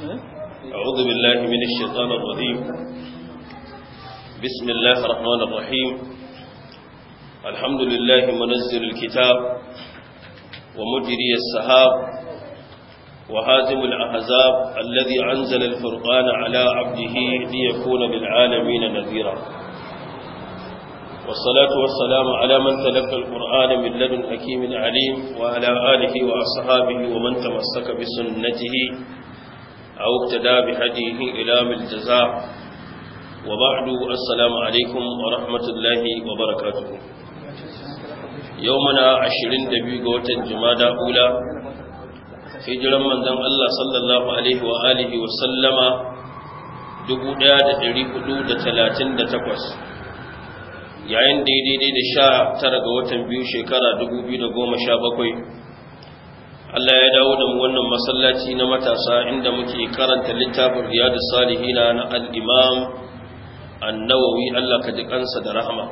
أعوذ بالله من الشيطان الرجيم بسم الله الرحمن الرحيم الحمد لله منزل الكتاب ومجري السحاب وهازم الأحزاب الذي أنزل الفرقان على عبده ليكون للعالمين نذيرا والصلاة والسلام على من تلقى القرآن من لدن حكيم عليم وعلى آله وأصحابه ومن تمسك بسنته أو اقتدى بهديه إلى بالجزاء وبعد السلام عليكم ورحمة الله وبركاته يومنا عشرين دبيقوة جمادة أولى في جرم من ذن الله صلى الله عليه وآله وسلم دبودا دريق دودة ثلاثين دتقوس yayin daidai da sha tara ga watan biyu shekara 2017 Allah ya dawo da mu wannan masallaci na matasa inda muke karanta littafin riyadu salihina na al'imam annawawi Allah ka ji kansa da rahama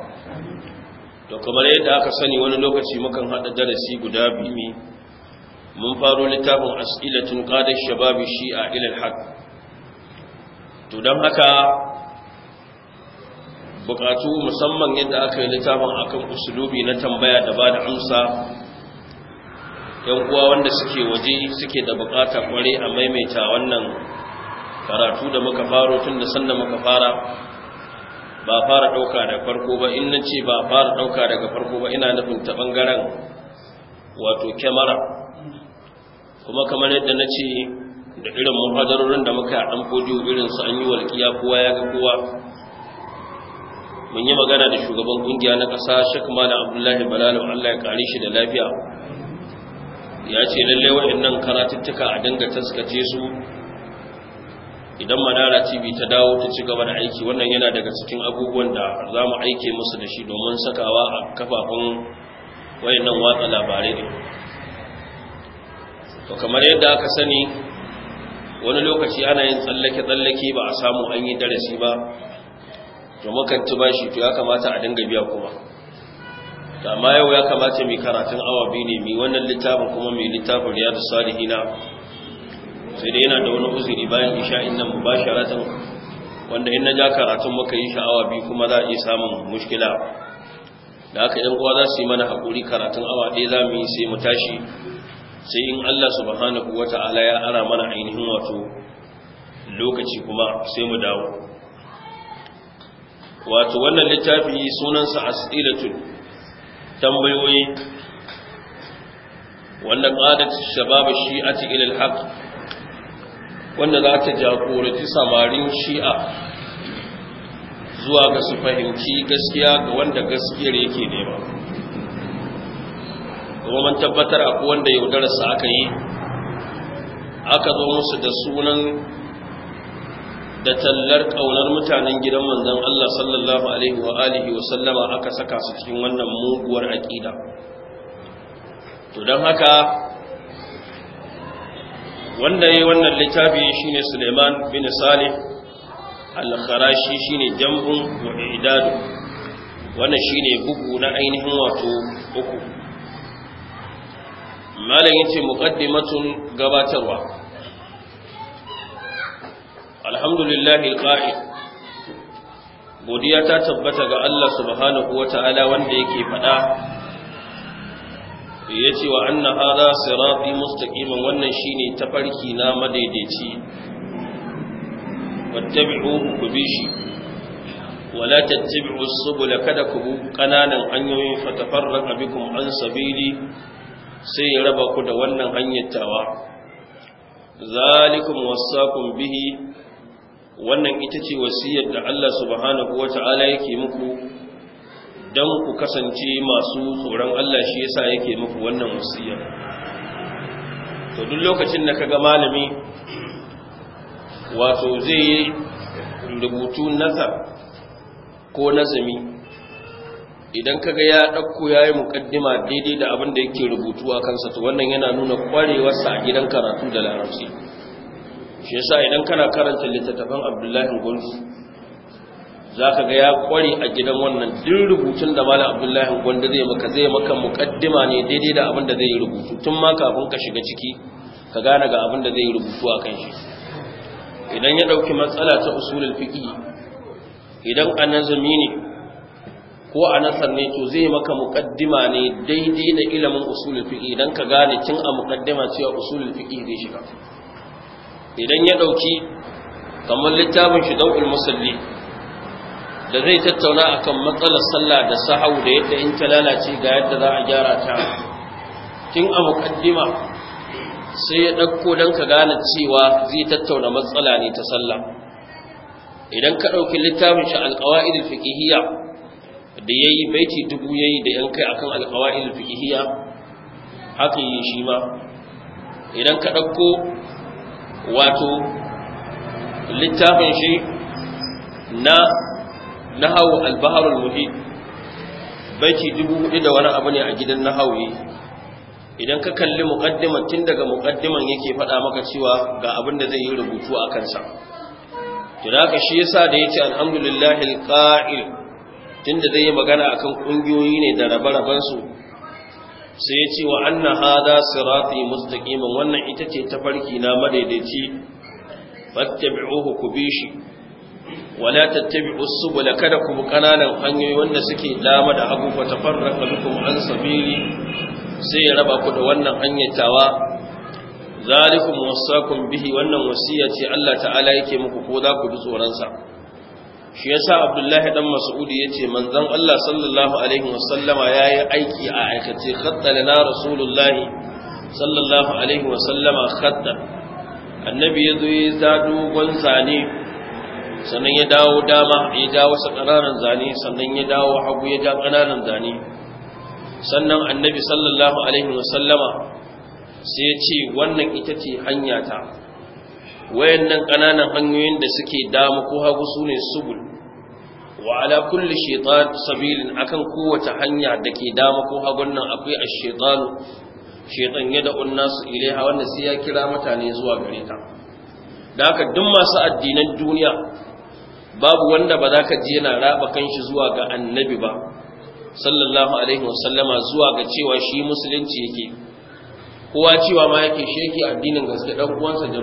to kamar yadda aka sani wani lokaci mukan haɗa darasi guda biyu mun faro littafin as'ilatun qadash shababi shi'a ila al-haq to dan haka bukatu musamman yadda aka yi littafin akan usulubi na tambaya da ba da amsa yan uwa wanda suke waje suke da bukata kware a maimaita wannan karatu da muka faro tun da sannan muka fara ba fara dauka da farko ba in na ce ba fara dauka daga farko ba ina nufin ta bangaren wato kyamara kuma kamar yadda na ce da irin muhadarorin da muka dan fodiyo irin su an yi walƙiya kowa ya ga kowa mun yi magana da shugaban ƙungiya na ƙasa Sheikh Malam Abdullahi Balalo Allah ya ƙare shi da lafiya ya ce lalle waɗannan karatuttuka a dinga taskace su idan madara tv ta dawo ta ci gaba da aiki wannan yana daga cikin abubuwan da za mu aike musu da shi domin sakawa a kafafun wayannan watsa labarai ne to kamar yadda aka sani wani lokaci ana yin tsallake-tsallake ba a samu an yi darasi ba to makanci ba shi to ya kamata a dinga biya kuma Da ma yau ya kamata mai karatun awa biyu ne mai wannan littafin kuma mai littafin ya da salihina sai dai yana da wani uzuri bayan ba shi ratan, wanda in na ja karatun muka yi sha'awa biyu kuma za a iya samun mushkila da haka yan uwa za su yi mana haƙuri karatun awa ɗaya za mu yi sai mu tashi sai in Allah subhanahu Ta'ala ya ara mana ainihin wato lokaci kuma sai mu dawo wato wannan littafi sunansa as'ilatul tambayoyi wanda qadat shabab shi'a ila al wanda za ta jagoranci samarin shi'a zuwa ga su fahimci gaskiya ga wanda gaskiyar yake nema kuma man tabbatar akwai wanda yaudararsa aka yi aka zo musu da sunan da tallar ƙaunar mutanen gidan manzon Allah sallallahu alaihi wa alihi wa sallama aka saka su cikin wannan muguwar aƙida to don haka wanda ya wannan littafi shine Suleiman bin Salih al-Kharashi shine jambun wa idadu wannan shine bugu na ainihin wato uku malam yace muqaddimatun gabatarwa alhamdulillahi alqa'id godiya ta tabbata ga Allah subhanahu wata'ala wanda yake fada yace wa anna hadha sirati mustaqiman wannan shine tafarki na madaidaici wattabi'uhu kubishi wala tattabi'u subula kada ku kananan hanyoyin fatafarraqa bikum an sabili sai ya raba ku da wannan hanyar tawa zalikum wasaqum bihi wannan ita ce wasiyar da Allah subhanahu ta’ala yake muku dan ku kasance masu tsoron Allah shi yasa yake muku wannan wasiyar to duk lokacin da kaga malami wato zai yi rubutu nazar ko nazami idan kaga ya dauko yayi mukaddima daidai da abin da yake rubutu a kansa to wannan yana nuna kwarewarsa a gidan karatu da larabci shi yasa idan kana karanta littattafan abdullahi gunsu za ka ga ya kware a gidan wannan din rubutun da malam abdullahi gwanda zai maka zai maka mukaddima ne daidai da abin da zai yi rubutu tun ma kafin ka shiga ciki ka gane ga abin da zai yi rubutu a kan shi idan ya ɗauki matsala ta usulul fiqi idan a nazumi ne ko a nasar ne to zai maka mukaddima ne daidai da ilimin usulul fiqi idan ka gane tun a mukaddima cewa usulul fiqi zai shiga idan ya ɗauki kamar littafin shi don musalli da zai tattauna akan matsalar sallah da sahau da yadda in ta lalace ga yadda za a gyara ta kin a muƙaddima sai ya ɗauko don ka gane cewa zai tattauna matsala ne ta sallah idan ka ɗauki littafin shi alƙawa'id fiqhiyya da yayi baiti dubu yayi da yan kai akan alƙawa'id fiqhiyya haka yi shi ma idan ka ɗauko wato littafin shi na nahawu albaharul muhit baiti dubu hudu da wani abu ne a gidan nahawi idan ka kalli muqaddima tun daga muqaddiman yake faɗa maka cewa ga abin da zai yi rubutu a kansa to da haka shi yasa da yace alhamdulillahi tun tunda zai yi magana akan ƙungiyoyi ne da rabe rabansu. sai ya ce wa anna hada sirati mustaqiman wannan ita ce ta farki na madaidaici fattabi'uhu ku bi shi wala tattabi'u subula kada ku kananan hanyoyi wanda suke dama da hagu fa tafarraqa bikum an sabili sai ya raba ku da wannan hanyar tawa zalikum wasakum bihi wannan wasiya ce Allah ta'ala yake muku ko za ku bi tsoron shi yasa abdullahi dan mas'udi yace manzon Allah sallallahu alaihi wasallama yayi aiki a aikace khatta lana rasulullahi sallallahu alaihi wasallama khatta annabi yazo ya zado gon zane sannan ya dawo dama ya dawo sa kananan zane sannan ya dawo hagu ya dawo kananan zane sannan annabi sallallahu alaihi wasallama sai ya ce wannan ita ce hanya ta wayannan kananan hanyoyin da suke damu ko hagu su ne subul wa ala kulli shaitan sabilin akan kowace hanya da ke dama ko hagun nan akwai a shaitanu shaitan ya da'un nasu ilaiha wanda sai ya kira mutane zuwa gare ta da haka duk masu addinan duniya babu wanda ba za ka ji yana raba kanshi zuwa ga annabi ba sallallahu alaihi wasallama zuwa ga cewa shi musulunci yake kowa cewa ma yake sheki addinin gaske dan uwansa da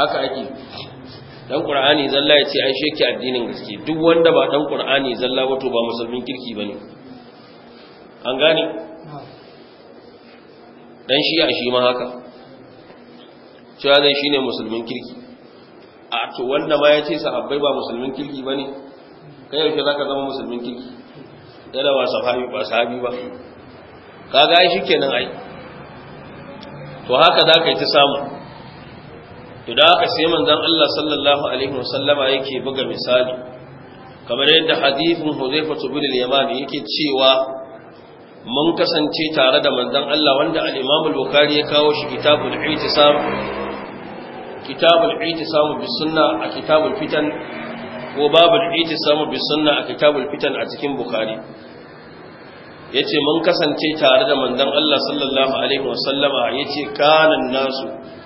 haka ake dan qur'ani zalla yace ce an sheki addinin gaske duk wanda ba dan qur'ani zalla ba to ba musulmin kirki bane an gane dan shi a shi ma haka cewa zai shine musulmin kirki a to wanda ma ya ce sahabbai ba musulmin kirki bane kai yaushe zaka zama musulmin kirki da ba sahabi ba sahabi ba kaga shi kenan ai to haka zaka yi ta samu to da haka sai manzon Allah sallallahu alaihi wasallama yake buga misali kamar yadda hadithun Huzaifatu bin al-Yamani yake cewa mun kasance tare da manzon Allah wanda al-Imam al-Bukhari ya kawo shi kitabul Itisam kitabul Itisam bis sunna a kitabul fitan ko babul Itisam bis sunna a kitabul fitan a cikin Bukhari yace mun kasance tare da manzon Allah sallallahu alaihi wasallama yace kanan nasu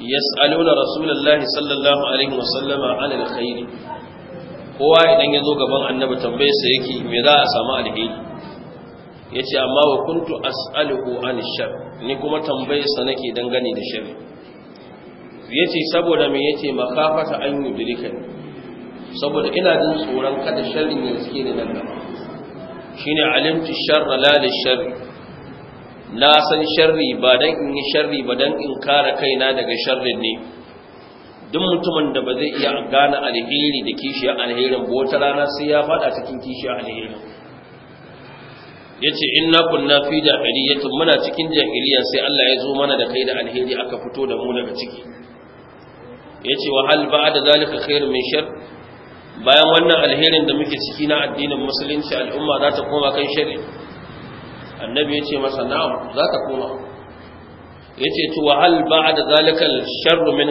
yas'aluna rasulullahi sallallahu alaihi wasallama an alkhair kowa idan ya zo gaban annabi tambaye sa yake me za a samu alheri yace amma wa kuntu as'aluhu an shar ni kuma tambaye sa nake dangane da shar yace saboda me yace makafata an yudrikani saboda ina jin tsoron kada sharrin ya riske ni nan gaba shine alimtu sharra la lishar na san sharri ba dan in yi sharri ba dan in kare kaina daga sharrin ne duk mutumin da ba zai iya gane alheri da kishiya alherin ba wata rana sai ya fada cikin kishiya alherin yace inna kunna fi jahiliyyatin muna cikin jahiliya sai Allah ya zo mana da kai da alheri aka fito da mu daga ciki yace wa hal ba'da zalika khairun min shar bayan wannan alherin da muke ciki na addinin musulunci al'umma za ta koma kan shari'a annabi ya ce masa na'am za ka koma ya ce to wahal ba da zalikal sharru min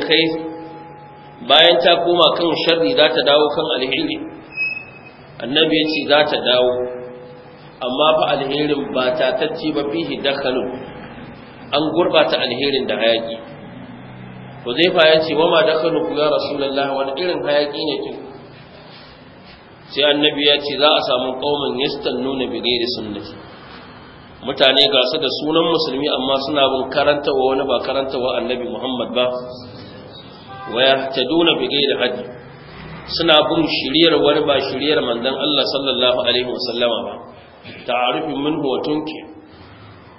bayan ta koma kan sharri za ta dawo kan alheri annabi ya ce za ta dawo amma fa alherin ba ta tacce ba fihi dakhalun an gurbata alherin da hayaki Huzaifa ya ce wama ku ya rasulullahi wani irin hayaki ne ki sai annabi ya ce za a samu yastan nuna bi da sunnati mutane ga su da sunan musulmi amma suna bin karantawa wani ba karantawa annabi Muhammad ba waya ta duna bige da haji suna bin shiriyar wani ba shiriyar mandan Allah sallallahu alaihi wasallama ba ta'arifin min wa tunki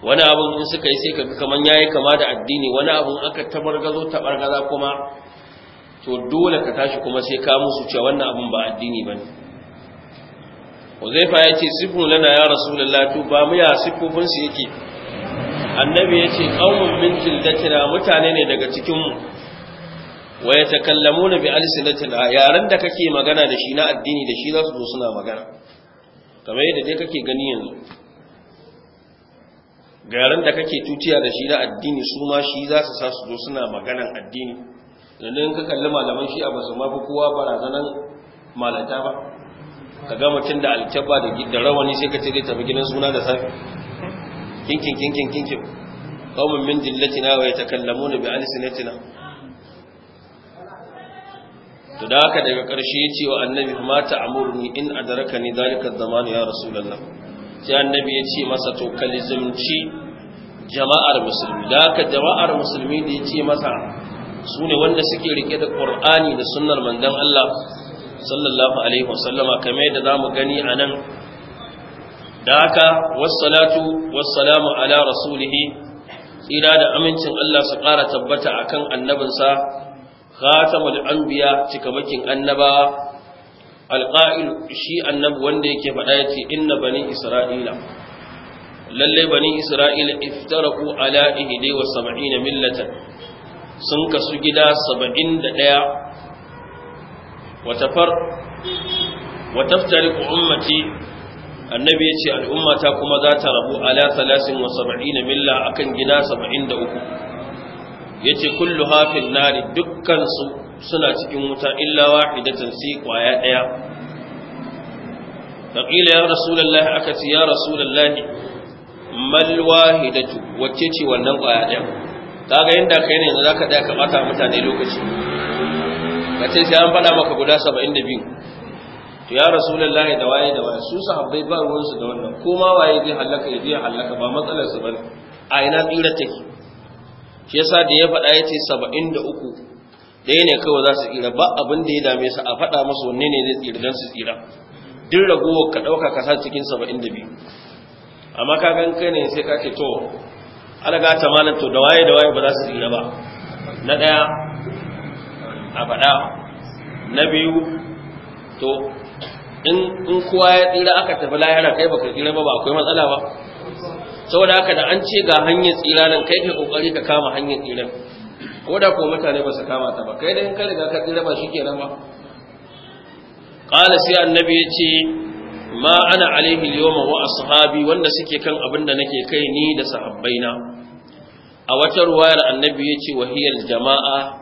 wani abin in suka yi sai kaga kaman yayi kama da addini wani abin aka tabargazo tabargaza kuma to dole ka tashi kuma sai ka musu cewa wannan abin ba addini bane uzaifa ya ce sifu lana ya rasulullah to ba mu ya sifofin su yake annabi ya ce qaumun min jildatina mutane ne daga cikinmu. wa ya wa yatakallamuna bi alsinatina yaran da kake magana da shi na addini da shi za su zo suna magana kamar yadda dai kake gani yanzu garin da kake tutiya da shi na addini su ma shi za su sa su zo suna maganan addini yanzu in ka kalli malaman shi a basu ma fi kowa barazanan malata ba ka ga mutum da alkyabba da rawani sai ka ce zai tafi gidan suna da safi kinkin kinkin kinkin qaumun min jillatina wa yatakallamuna bi alsinatina to da haka daga ƙarshe ya ce wa annabi mata amurni in a adaraka ni zalika zaman ya rasulullah sai annabi ya ce masa to kalizimci jama'ar musulmi da haka jama'ar musulmi da ya ce masa su ne wanda suke rike da qur'ani da sunnar Mandan Allah sallallahu alaihi wasallama kamar yadda zamu gani anan da haka wassalatu wassalamu ala rasulihi tsira da amincin Allah su ƙara tabbata akan annabinsa khatamul anbiya cikamakin annaba. alqa'il shi annabi wanda yake faɗa yace inna bani isra'ila lalle bani isra'ila iftaraqu ala 71 millatan sun kasu gida 71 watafar wataftariqu ummati annabi yace al'umma ta kuma za ta rabu ala 73 milla akan gida 73 yace kullu hafin nari dukkan su suna cikin wuta illa wahidatan sai kwaya daya faqila ya rasulullahi aka ce ya rasulullahi mal wahidatu wacce ce wannan kwaya daya kaga yanda kai ne zaka da ka bata mutane lokaci ka ce sai an faɗa maka guda saba'in da biyu to ya rasulullahi da waye da waye su sahabbai ba ruwansu da wannan ko ma waye zai halaka ya biya halaka ba matsalar su bane a ina tsira take shi yasa da ya faɗa ya ce saba'in da uku ɗaya ne kawai za su tsira ba abin da ya dame su a faɗa musu wanne ne zai tsira don su tsira duk ragowar ka ɗauka ka sa cikin saba'in da biyu amma ka gan kai ne sai ka ce to alaga ta malam to da waye da waye ba za su tsira ba na ɗaya a faɗa na biyu to in kowa ya tsira aka tafi lahira kai baka tsira ba ba akwai matsala ba saboda haka da an ce ga hanyar tsira nan kai kai kokari ka kama hanyar tsira ko da ko mutane ba su kama ta ba kai da in ka riga ka tsira ba shikenan ba qala sai annabi ya ce ma ana alaihi al-yawma wa ashabi wanda suke kan abin da nake kai ni da sahabbaina a wata ruwayar annabi ya ce wahiyar jama'a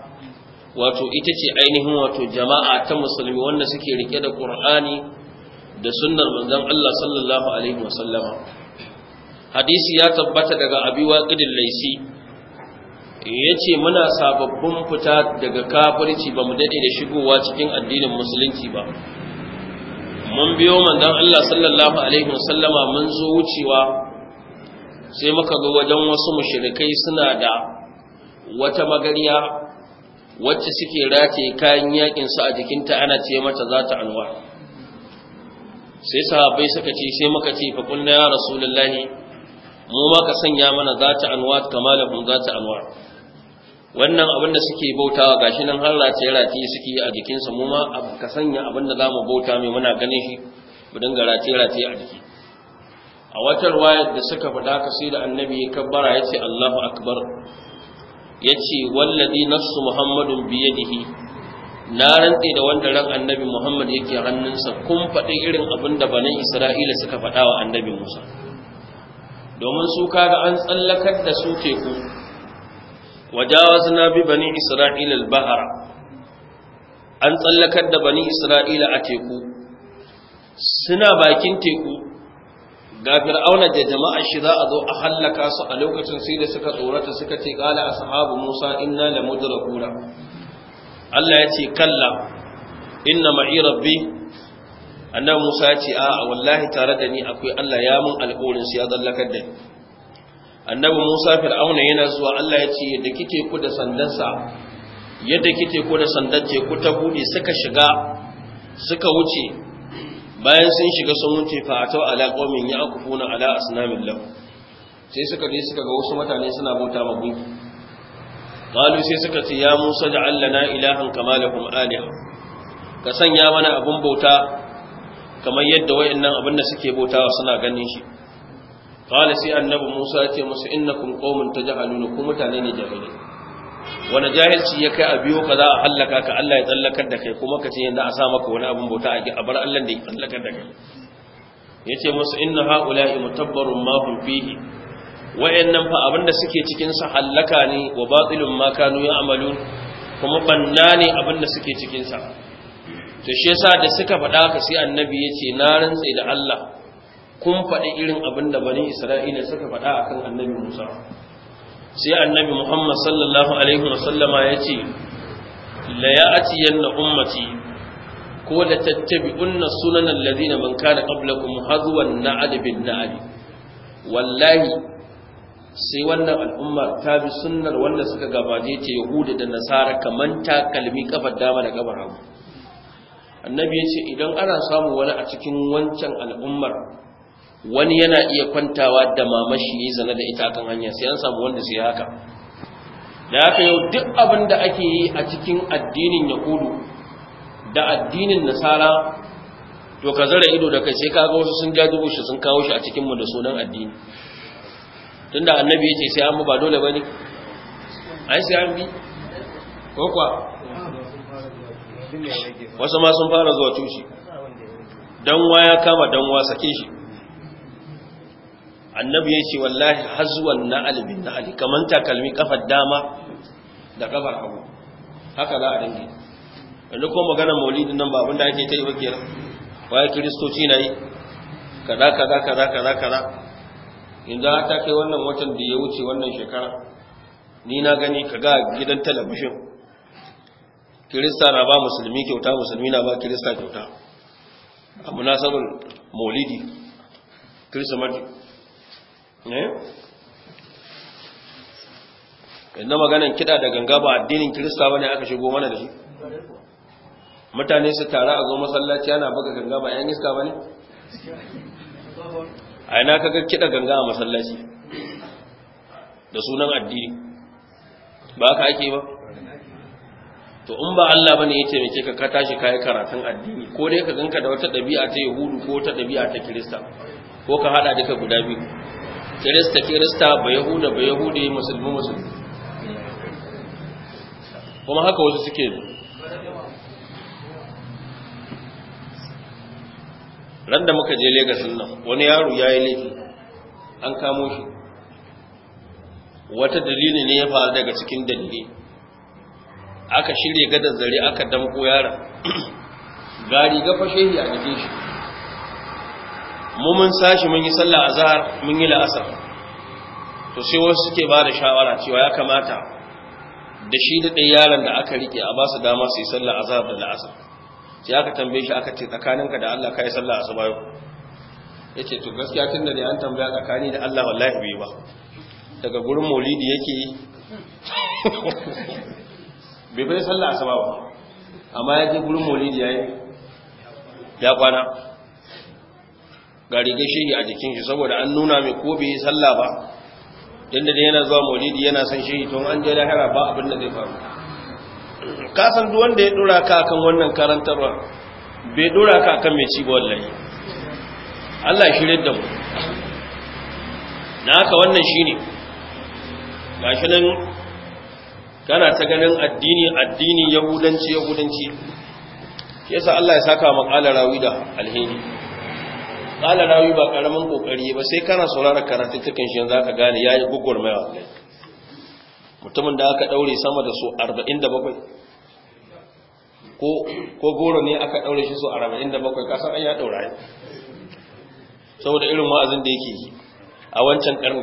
wato ita ce ainihin wato jama'a ta musulmi wanda suke rike da ƙur'ani da sunnar manzon Allah sallallahu alaihi wasallama hadisi ya tabbata daga abi waqidil laisi yace muna sababbin fita daga kafirci bamu dade da shigowa cikin addinin musulunci ba mun biyo manzon Allah sallallahu alaihi wasallama mun zo wucewa sai muka ga wajen wasu mushrikai suna da wata magariya wacce suke rataye kayan yaƙinsu a jikinta ana ce mata za ta alwa sai sahabbai suka ce sai muka ce fa kullu ya rasulullahi mu ma ka sanya mana za ta alwa kama da za ta alwa wannan abin da suke bautawa gashi nan har race race suke a jikinsa mu ma ka sanya abin da zamu bauta mai muna ganin shi mu dinga race race a jiki a wata ruwayar da suka fada ka sai da annabi ya kabbara ya ce Allahu akbar ya ce wallazi nafsu muhammadun yadihi na rantse da wanda ran annabi muhammad yake hannunsa kun faɗi irin abin da banin isra'ila suka faɗa wa annabi musa domin su kaga an tsallakar da su teku wajawazna bi bani isra'ila al-bahra an tsallakar da bani isra'ila a teku suna bakin teku ga fir'auna da jama'a shi za a zo a hallaka su a lokacin sai da suka tsorata suka ce qala ashabu musa inna la mudrakuna Allah ya ce kalla inna ma'i rabbi annabi musa ya ce a'a wallahi tare da ni akwai Allah ya mun alƙawarin su ya zallakar da ni annabi musa fir'auna yana zuwa Allah ya ce yadda kike ku da sandansa yadda kike ku da sandan ce ku ta buɗe suka shiga suka wuce bayan sun shiga sun wuce fa atau ala qaumin yaqufuna ala asnamin lahu sai suka je suka ga wasu mutane suna bauta ma gunki qalu sai suka ce ya musa ja'al lana ilahan kama lahum ka sanya mana abun bauta kamar yadda wayannan abin da suke bautawa suna ganin shi qala sai annabi musa ya ce musu innakum qaumun tajhaluna ku mutane ne jahili wani jahilci ya kai a biyo ka za a hallaka ka Allah ya tsallakar da kai kuma ka ce yadda a sa maka wani abin bauta a bar Allah da ya tsallakar da kai ya ce musu inna ha'ula'i mutabbarun ma hum fihi nan fa abin da suke cikin sa hallaka ne wa batilun ma kanu amalu? kuma banna ne abin da suke cikin sa to shi da suka faɗa ka sai annabi ya ce na rantsa da Allah kun faɗi irin abin da bani Isra'ila suka faɗa akan annabi Musa sai annabi muhammad sallallahu alaihi wasallama ya ce la ya'tiyanna ummaci, ko la tattabi'unna sunanan allazina man kana qablakum hazwan na'ad na adi. wallahi sai wannan al'ummar ta bi sunnar wanda suka gabaje ta yahuda da nasara kamar takalmi kafar dama da kabar hagu annabi ya ce idan ana samun wani a cikin wancan al'ummar wani yana iya kwantawa da mamashi yi zane da ita akan hanya sai an samu wanda sai haka da haka yau duk abin da ake yi a cikin addinin yahudu da addinin nasara to ka zara ido da kai sai kaga wasu sun dubu shi sun kawo shi a cikinmu da sunan addini tunda annabi ya ce sai an ba dole ba ne an sai an bi ko kwa wasu ma sun fara zuwa tushe don ya kama don wa sake shi annabi ya ce wallahi hazwan na'al bin na'al kaman takalmi kafar dama da kafar hagu haka za a dange yanzu ko magana maulidin nan ba abinda ake tayi ba kenan waye kiristoci na yi kaza kaza kaza kaza kaza ta kai wannan watan da ya wuce wannan shekara ni na gani kaga gidan talabishin kirista na ba musulmi kyauta musulmi na ba kirista kyauta a munasabar maulidi kirsimati inda eh? maganin kiɗa da ganga ba addinin kirista ba ne aka shigo mana da shi mutane su tara a zo masallaci ana buga ganga ba yan iska ba ne a yana kaga kiɗa ganga a masallaci da sunan addini ba ka ake ba to in ba Allah bane ya taimake ka ka tashi kai karatun addini ko dai ka ganka da wata dabi'a ta Yahudu ko wata dabi'a ta Kirista ko ka hada duka guda biyu kirista kirista ba yahuda ba yahude musulmi musulmi kuma haka wasu suke ran da muka je Legas nan wani yaro ya yi laifi an kamo shi wata dalili ne ya faru daga cikin dalili aka shirya gadar zare aka damko yaron gari ga fashe ya nake shi mu mun sashi mun yi sallah azhar mun yi la'asar to sai wasu suke ba da shawara cewa ya kamata da shi da ɗaya yaron da aka rike a ba su dama su yi sallah azhar da la'asar sai aka tambaye shi aka ce tsakaninka da Allah kai sallah asuba yau yace to gaskiya tun da ne an tambaya tsakani da Allah wallahi bai ba daga gurin maulidi yake bai bai sallah asuba ba amma ya je gurin maulidi yayi ya kwana ga riga shehi a jikin shi saboda an nuna mai ko bai sallah ba inda da yana zuwa maulidi yana san shi, to an je lahira ba abin da zai faru ka san duk wanda ya dora ka akan wannan karantarwa bai dora ka akan mai ci ba wallahi Allah ya shirye da mu na haka wannan shine gashi nan kana ta ganin addini addini yahudanci yahudanci yasa Allah ya saka makalar rawi da alheri kala rawi ba karamin kokari ba sai kana saurara karatun tukan shi yanzu ka gane yayi mai wallahi mutumin da aka daure sama da su 47 ko ko goro ne aka daure shi su 47 kasan an ya daura yi saboda irin wa'azin da yake yi a wancan karin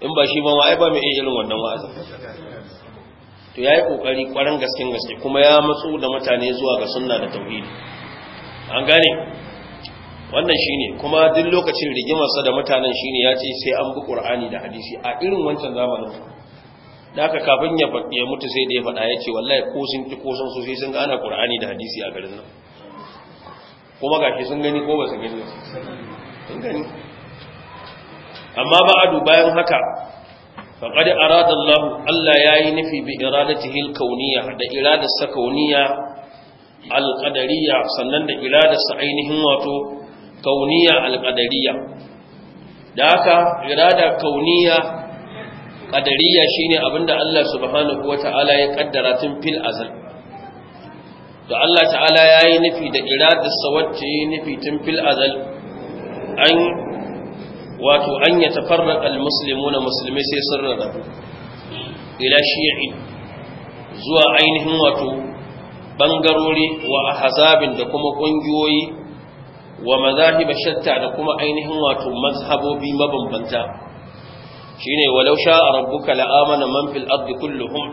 in ba shi ba ma ai ba mai irin wannan wa'azin to yayi kokari kwarin gaskin gaske kuma ya matsu da mutane zuwa ga sunna da tauhidi an gane wannan shine kuma duk lokacin rigimarsa da mutanen shine ya ce sai an bi ƙur'ani da hadisi a irin wancan zamanin da aka kafin ya mutu sai da ya faɗa ya ce wallahi ko sun ki ko sun sosai sai sun gana ƙur'ani da hadisi a garin nan kuma gashi sun gani ko ba su gani sun gani amma ba a bayan haka faqad arada Allah Allah yayi nufi bi iradatihi al-kawniyya da iradarsa kawniyya al-qadariyya sannan da iradarsa ainihin wato kauniya alƙadariya da haka irada kauniya ƙadariya shine abinda Allah subhanahu wata'ala ya ƙaddara tun fil azal da Allah ta'ala ya yi nufi da iradarsa wacce ya yi nufi tun fil azal an wato an yatafarraqa na muslimi sai sirrana ila shi'i zuwa ainihin wato bangarori wa ahzabin da kuma ƙungiyoyi. wa mazahib shatta da kuma ainihin wato mazhabobi mabambanta shine walau sha rabbuka la'amana man fil ardi kulluhum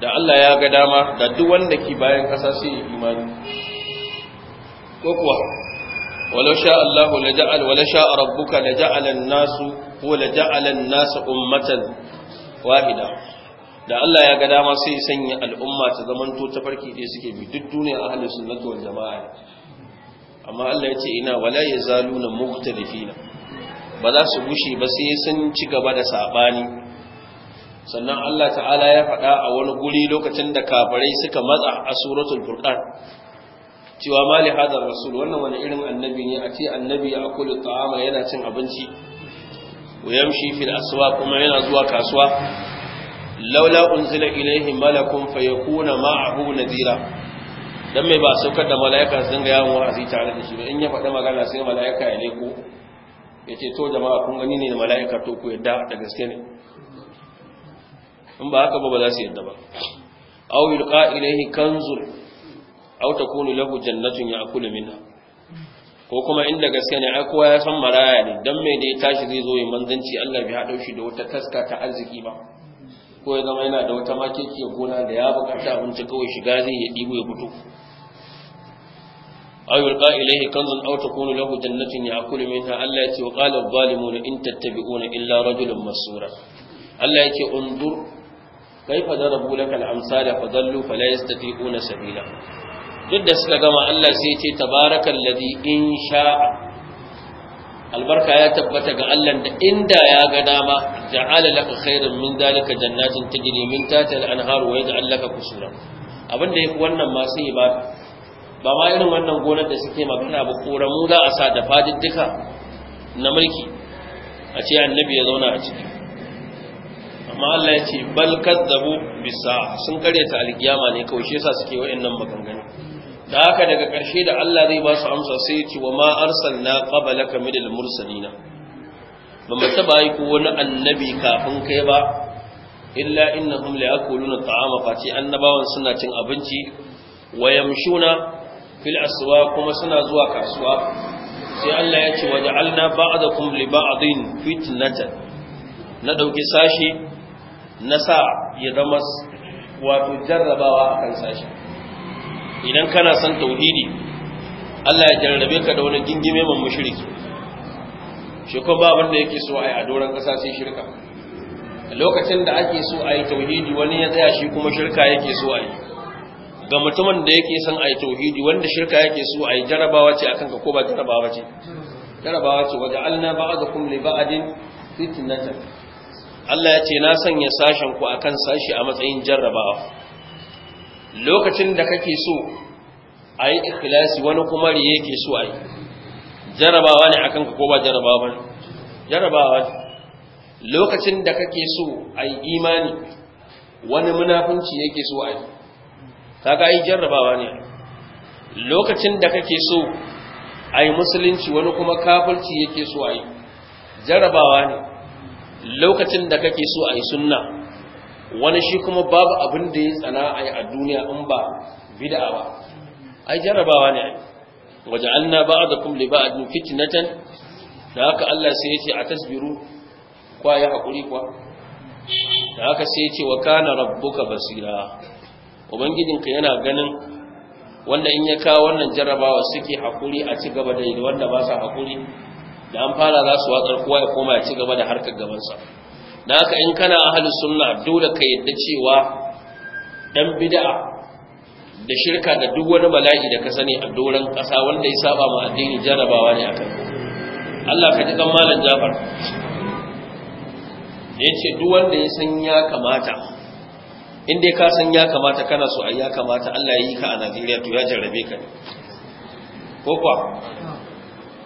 da Allah ya ga dama da duk wanda ke bayan kasa sai ya imani ko kuwa walau sha Allah la ja'al wala sha rabbuka la ja'ala an-nasu ko la ja'ala an-nasu ummatan wahida da Allah ya ga dama sai ya sanya al'umma ta zamanto ta farki da suke bi duk duniya ahlus sunnah wal jama'a amma Allah ya ce ina wala yazaluna mukhtalifina ba za su gushe ba sai sun ci gaba da saɓani. sannan Allah ta'ala ya faɗa a wani guri lokacin da kafarai suka matsa a suratul furqan cewa mali hadar rasul wannan wani irin annabi ne a ce annabi ya akulu ta'ama yana cin abinci ويمشي في الأسواق وما ينزوى كأسواق لولا أنزل إليه ملك فيكون معه نذيرا dan mai ba saukar da mala'ika sun ga yawon wa'azi tare da shi in ya faɗi magana sai mala'ika ya leko ya ce to jama'a kun gani ne da mala'ika to ku yadda da gaske ne in ba haka ba ba za su yadda ba aw yulqa ilayhi kanzun aw takunu lahu jannatun ya'kulu minha ko kuma inda gaske ne ai kowa ya san maraya ne dan me da ya tashi zai zo yi manzanci Allah bai hado shi da wata taska ta arziki ba ko ya zama yana da wata makeke gona da ya bukata abinci kawai shiga zai ya ɗibo ya fito aw yulqa ilayhi kanzun aw takunu lahu jannatin ya'kulu minha Allah yace wa qala adh-dhalimuna in tattabi'una illa rajulan masura Allah yace undur kaifa darabu lakal amsala fadallu fala yastati'una sabila duk da suka gama Allah sai ce tabarakal ladhi in sha'a albarka ya tabbata ga Allah da inda ya ga dama ja'ala laka khairan min dalika jannatin tajri min tahtiha al-anhar wa yaj'al laka qusura abinda yake wannan masu sai ba ba ma irin wannan gonar da suke magana ba ƙoramu za a sa da fadiddika na mulki a ce annabi ya zauna a ciki amma Allah ya ce bal kazzabu bisa sun karyata alkiyama ne kawai shi yasa suke nan maganganu da haka daga ƙarshe da Allah zai ba su amsa sai ya ce wa ma arsalna qablaka min mursalina ba mu ba yi wani annabi kafin kai ba illa inna innahum la yakuluna ta'ama fati annabawan suna cin abinci wa yamshuna fil aswa kuma suna zuwa kasuwa sai Allah ya ce waja'alna ba'dakum li ba'din fitnatan na dauki sashi na sa ya zama wato jarrabawa akan sashi idan kana son tauhidi Allah ya jarrabe ka da wani gingime mai mushriki shi ko ba abin da yake so ai a doran kasa sai shirka lokacin da ake so ai tauhidi wani ya tsaya shi kuma shirka yake so ai ga mutumin da yake son a yi tauhidi wanda shirka yake so a yi jarabawa ce kan ka ko ba jarabawa ce jarabawa ce wa ja'alna ba li ba'din ba fitnatan Allah ya ce na sanya sashen ku akan sashi a matsayin jarabawa lokacin da kake so a yi ikhlasi wani kuma riye yake so a yi jarabawa ne akan ka ko ba jarabawa ba jarabawa lokacin da kake so a yi imani wani munafunci yake so a yi kaga ai jarrabawa ne lokacin da kake so ai musulunci wani kuma kafirci yake so ai jarrabawa ne lokacin da kake so ai sunna wani shi kuma babu abin da ya tsana ai a duniya in ba bid'a ba ai jarrabawa ne ai waja'alna ba'dakum li ba'din fitnatan da haka Allah sai ya ce a tasbiru kwa ya hakuri kwa da haka sai ya ce wa kana rabbuka basira ka yana ganin wanda in ya kawo wannan jarrabawa suke hakuri a ci gaba da wanda ba sa hakuri da an fara za su watsar kowa ya koma ya ci gaba da harkar gabansa da haka in kana ahli sunna dole ka yadda cewa dan bid'a da shirka da duk wani bala'i da ka sani a doron ƙasa wanda ya saba ma addini jarrabawa ne akan Allah ka ji kan malam Jafar yace duk wanda ya san ya kamata in dai ka san ya kamata kana so ai ya kamata Allah ya yi ka a Najeriya to ya jarrabe ka ne ko kuwa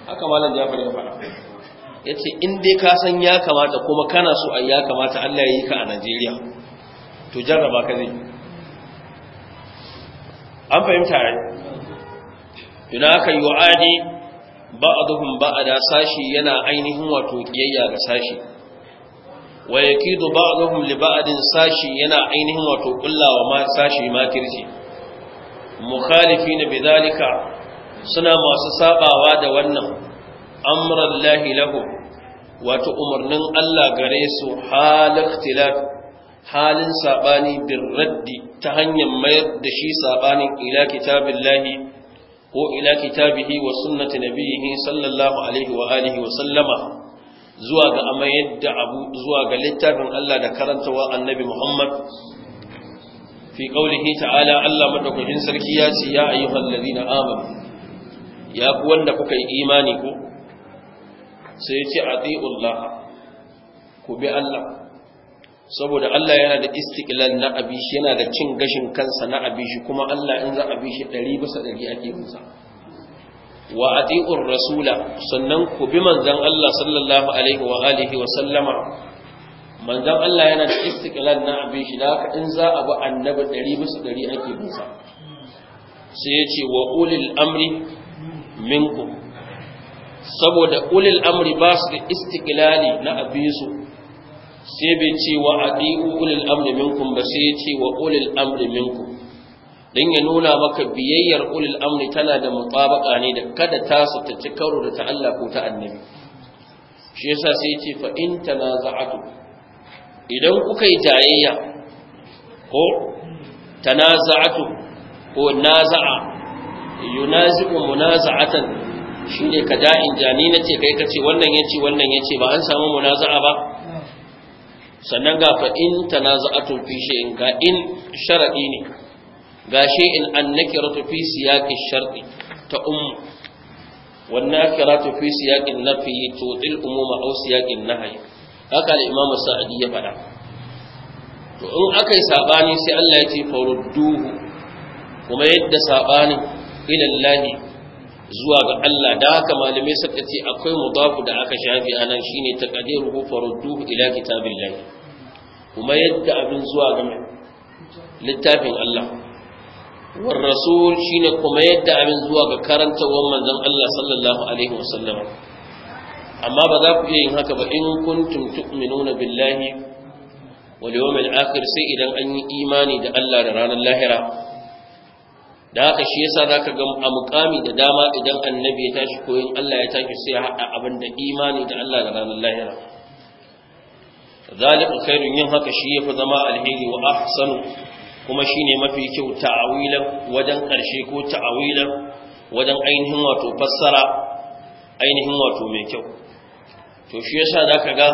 haka malam Jafar ya fara yace in dai ka san ya kamata kuma kana so ai ya kamata Allah ya yi ka a Najeriya to jarraba ka ne. an fahimta ai ina aka yi wa'adi ba'aduhum ba'ada sashi yana ainihin wato kiyayya ga sashi wa yakidu ba'dhum li ba'din sashi yana ainihin wato kullawa ma sashi makirci mukhalifina bidhalika suna masu sabawa da wannan amran lahi lahu wato umarnin Allah gare su hal ikhtilaf halin saɓani bir ta hanyar mayar da shi saɓanin ila kitabillahi ko ila kitabihi wa sunnati nabiyhi sallallahu alaihi wa wa sallama zuwa ga amayar da abu zuwa ga littafin Allah da karantawa annabi Muhammad fi qaulihi ta'ala Allah madaukakin sarki ya ce ya ayyuhal na amanu ya ku wanda kuka yi imani ku. sai ya ce atiullah ku bi Allah saboda Allah yana da istiqlal na abishi yana da cin gashin kansa na abishi kuma Allah in za abishi ɗari bisa ɗari ake musa wa ati'ur rasula sannan ku bi manzan Allah sallallahu alaihi wa alihi wa sallama manzon Allah yana da istiqlal na abin shi da haka in za a bi annabi 100 bisa 100 ake bin sa sai ya ce wa ulil amri minkum saboda ulil amri ba su da istiqlali na abin su sai bai ce wa adi'u ulil amri minkum ba sai ya ce wa ulil amri minkum don ya nuna maka biyayyar ulil amri tana da mutabaka ne da kada tasu ta ci karo da ta Allah ko ta annabi shi yasa sai ce fa in tanaza'atu idan kuka yi jayayya ko tanaza'atu ko naza'a yunazi'u munaza'atan shine ka da'in jani ce kai ka ce wannan yace wannan yace ba an samu munaza'a ba sannan ga fa in tanaza'atu fi shay'in ga in sharadi ne ga shay'in annakiratu fi siyaqi sharti ta ummu wannakiratu fi siyaqi nafi tudil umuma aw na haya, haka al-imamu sa'adi ya faɗa to in aka yi saɓani sai Allah ya ce duhu kuma yadda sabanin ilallahi zuwa ga Allah da haka malamai suka ce akwai mudafu da aka shafi anan shine taqdiruhu duhu, ila kitabillahi kuma yadda abin zuwa ga littafin Allah war rasul shine kuma yadda abin zuwa ga karantawar manzon Allah sallallahu alaihi amma ba za ku iya yin haka ba in kuntum tu'minuna billahi wal yawmil akhir sai idan an yi imani da Allah da ranar lahira da haka shi yasa zaka ga a mukami da dama idan annabi ya tashi koyin Allah ya tashi sai ya abin da imani da Allah da ranar lahira zalika khairun yin haka shi yafi zama alheri wa ahsanu kuma shi ne mafi kyau ta'awilan wajen ƙarshe ko ta'awilan wajen ainihin wato fassara ainihin wato mai kyau to shi ya sa za ga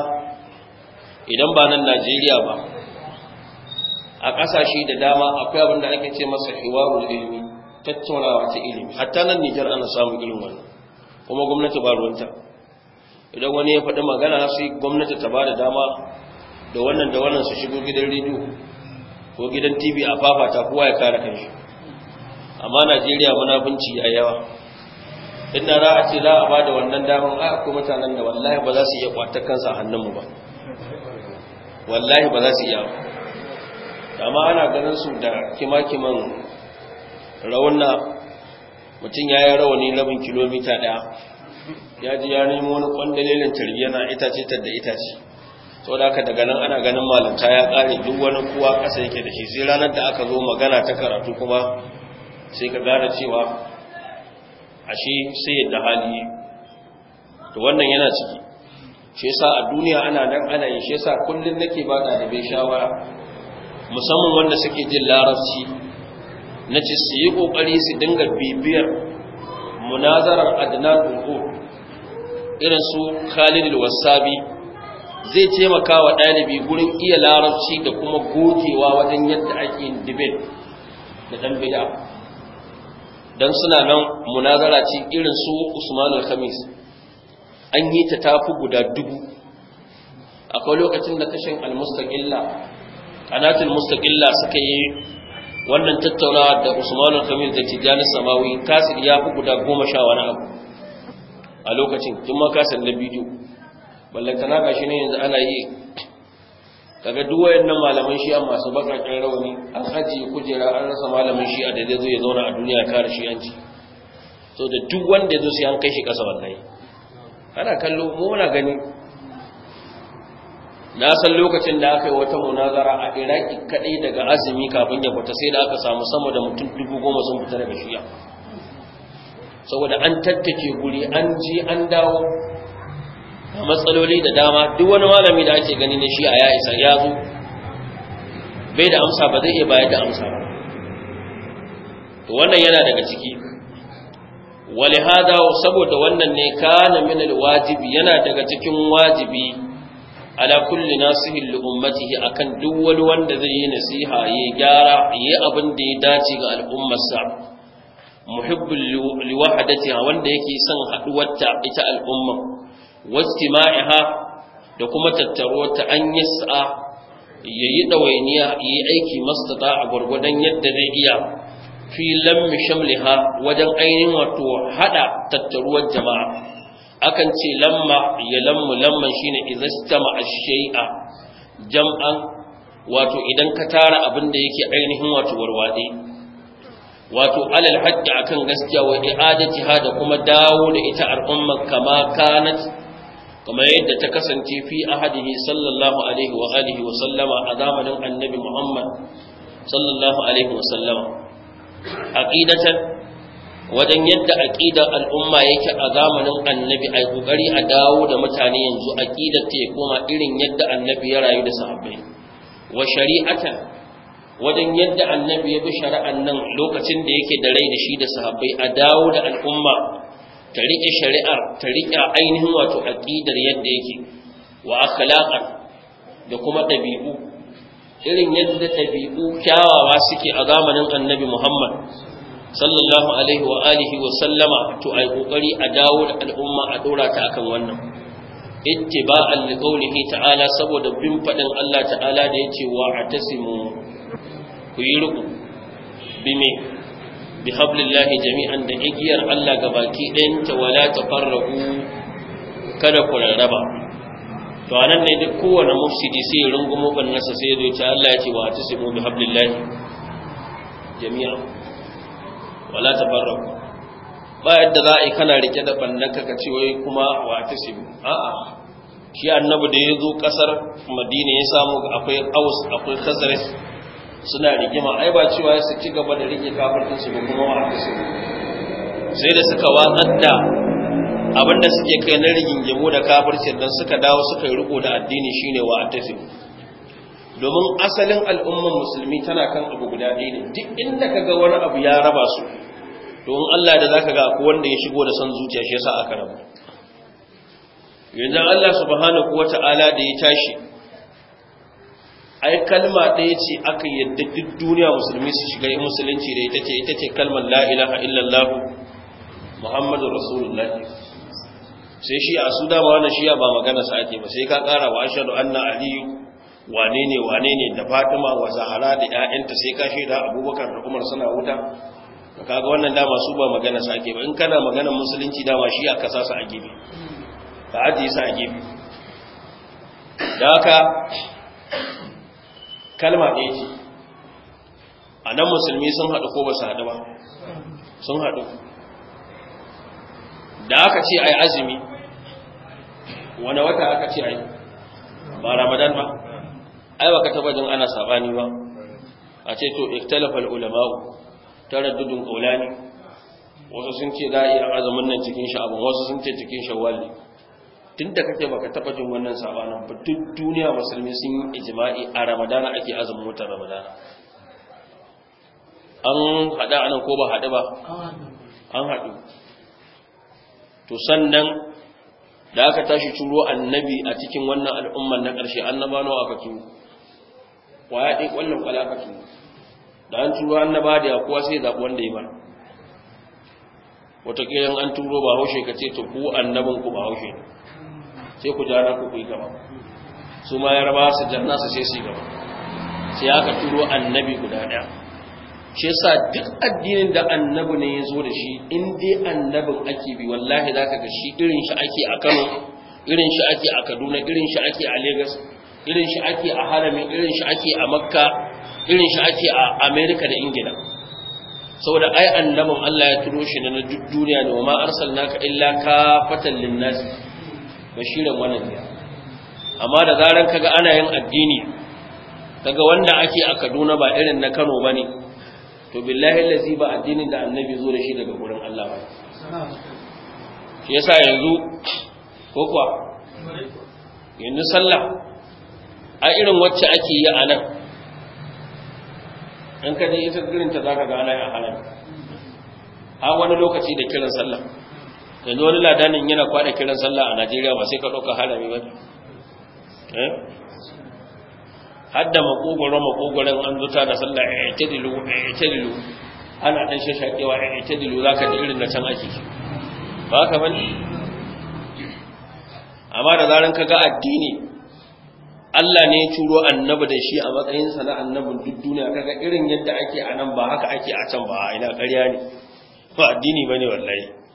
idan ba nan Najeriya ba a ƙasashe da dama akwai abin da ake ce masa hiwarul ilimi tattaunawa ta ilimi hatta nan Nijar ana samun ilimin wannan kuma gwamnati ba ruwanta idan wani ya faɗi magana sai gwamnati ta ba da dama da wannan da wannan su shigo gidan rediyo ko gidan tv a fafata kowa ya kare kanshi amma najeriya munafunci a yawa inda za a ce za a ba da wannan damar a ko mutanen da wallahi ba za su iya kwatar kansa a hannunmu ba wallahi ba za su iya amma ana ganin su da kima-kiman rauna mutum ya yi rawani rabin kilomita daya ya ji ya nemo wani kwandalilin tarbiyyana itace da itace to da daga nan ana ganin malanta ya kare duk wani kowa kasa yake da shi sai ranar da aka zo magana ta karatu kuma sai ka gane cewa ashe sai yadda hali to wannan yana ciki shi yasa a duniya ana nan ana yin shi yasa kullun nake ba ɗalibai shawara musamman wanda suke jin larabci na ce su yi ƙoƙari su dinga bibiyar munazarar adnan ulul irin su khalid wasabi zai taimaka wa ɗalibi gurin iya larabci da kuma gogewa wajen yadda ake yin debate da ɗan bida don suna nan munazara ce irin su usman al-khamis an yi ta tafi guda dubu akwai lokacin da kashin al-mustaqilla qanatul mustaqilla suka yi wannan tattaunawa da usman al-khamis da tijani samawi kasir ya fi guda goma sha wani abu a lokacin tun ma kasir na bidiyo ballantana ga shi ne yanzu ana yi kaga duk wayannan malaman shi'a masu bakakken rauni an haji kujera an rasa malamin shi'a da zai zo ya zauna a duniya kare shi'anci so da duk wanda ya zo sai an kai shi kasa wallahi ana kallo mu muna gani na san lokacin da aka yi wata munazara a iraki kadai daga azumi kafin ya fita sai da aka samu sama da mutum dubu goma sun fita daga shi'a saboda an tattake guri an ji an dawo matsaloli da dama duk wani malami da ake gani na shi a ya isa ya zo bai da amsa ba zai iya bayar da amsa ba to wannan yana daga ciki hada saboda wannan ne kana min alwajibi yana daga cikin wajibi ala kulli nasihi li ummatihi akan duk wani wanda zai yi nasiha ya gyara ya abin da ya dace ga al'ummarsa muhibbul liwahadatiha wanda yake son ta ita al'umma wastima'iha da kuma tattaro ta an yas'a yayi dawainiya yayi aiki mastata a gurgudan yadda zai iya fi lammi shamliha wajen ainihin wato hada tattaruwar jama'a akan ce lamma ya lammu lamman shine izastama ash-shay'a jam'an wato idan ka tara abin da yake ainihin wato warwade wato alal haqqi akan gaskiya wa i'adatiha da kuma dawo da ita al'ummar kama kanat kamar yadda ta kasance fi ahadihi sallallahu alaihi wa alihi wa sallama a zamanin annabi Muhammad sallallahu alaihi wa sallama aqidatan wajen yadda aqida al'umma yake a zamanin annabi ai kokari a dawo da mutane yanzu aqidar ta koma irin yadda annabi ya rayu da sahabbai wa shari'atan wajen yadda annabi ya bi shari'an nan lokacin da yake da rai da shi da sahabbai a dawo da al'umma ta riƙe shari'ar ta riƙe ainihin wato aƙidar yadda yake wa akhlaqa da kuma ɗabi'u irin yadda ɗabi'u kyawawa suke a zamanin annabi Muhammad sallallahu alaihi wa alihi wa sallama to ai kokari a dawo da al'umma a dora ta akan wannan ittiba'an liqaulihi ta'ala saboda bin fadin Allah ta'ala da yace wa atasimu ku yi ruku mai. bi hablillahi jami'an da igiyar Allah gabaki ta wala tafarraqu kada ku rarraba to anan ne duk kowane mufsidi sai ya rungumo nasa sai ya doce Allah ya ce wa tasimu bi hablillahi jami'an wala tafarraqu ba yadda za a yi kana rike da bannaka ka ce wai kuma wa tasimu a'a shi annabi da ya zo kasar madina ya samu akwai aus akwai khazraj suna rigima ai ba cewa su ci gaba da rike kafircin su kuma ma su sai da suka abin da suke kai na rigingimu da kafircin dan suka dawo suka yi riko da addini shine wa atafi domin asalin al'ummar musulmi tana kan abu guda ɗaya ne duk inda kaga wani abu ya raba su domin Allah da zaka ga ko wanda ya shigo da san zuciya shi yasa aka rabu yanzu Allah subhanahu wata'ala da ya tashi ai kalma ɗaya ce aka yadda duk duniya musulmi su shiga musulunci da ita ce ita ce kalmar la ilaha illallah muhammadu rasulullah sai shi a su dama wannan shi ba magana sa ake ba sai ka ƙara wa ashadu anna aliyu wane ne wane ne da fatima wa zahara da ƴaƴanta sai ka shaida abubakar da umar suna wuta kaga wannan dama su ba magana sa ake ba in kana magana musulunci dama shi aka sa a gefe ka ajiye sa a gefe da haka kalma ɗaya ce a nan musulmi sun haɗu ko ba su haɗu ba sun haɗu da aka ce a yi azumi wani wata aka ce a yi ba ramadan ba ai ba ka taba jin ana saɓani ba a ce to iktalafal ulama'u taraddudun ƙaulani wasu sun ce za a yi azumin nan cikin sha'aban wasu sun ce cikin shawwal ne tun da kake baka taba jin wannan sabanin ba duk duniya musulmi sun yi ijma'i a ramadana ake azumin watan ramadana an haɗa anan ko ba haɗu ba an haɗu to sannan da aka tashi turo annabi a cikin wannan al'umman na ƙarshe annabano nawa aka turo kwaya ɗin wannan kwala aka da an turo annaba da ya kowa sai zaɓi wanda ya ba. wataƙila an turo ba haushe ka ce to ku annabin ku ba haushe sai ku jana ku ku yi gaba su ma yarba su janna su sai su gaba sai aka turo annabi guda ɗaya shi yasa duk addinin da annabi ne ya zo da shi in dai annabin ake bi wallahi za ka gashi irin shi ake a Kano irin shi ake a Kaduna irin shi ake a Lagos irin shi ake a Harami irin shi ake a Makka irin shi ake a America da Ingila saboda ai annabin Allah ya turo shi na duniya ne wa ma arsalnaka illa ka fatan linnas bashiran wannan biya amma da zaran kaga ana yin addini kaga wanda ake a Kaduna ba irin na Kano bane to billahi allazi ba addinin da annabi zo da shi daga gurin Allah ba shi yasa yanzu ko kuwa yanzu sallah a irin wacce ake yi a nan in ka je ita girinta za ka gana a halar a wani lokaci da kiran sallah yanzu wani ladanin yana kwada kiran sallah a najeriya ba sai ka ɗauka harami ba eh? hadda makogoro makogoron an zuta da sallah a eh, itadilu eh, a itadilu ana ɗan shashaƙewa a itadilu za ka da irin na can ake ba ka bani amma da zaran ka ga addini Allah ne ya turo annabi da shi a matsayinsa na annabin duk duniya kaga irin yadda ake a nan ba haka ake a can ba ina ƙarya ne ba addini bane wallahi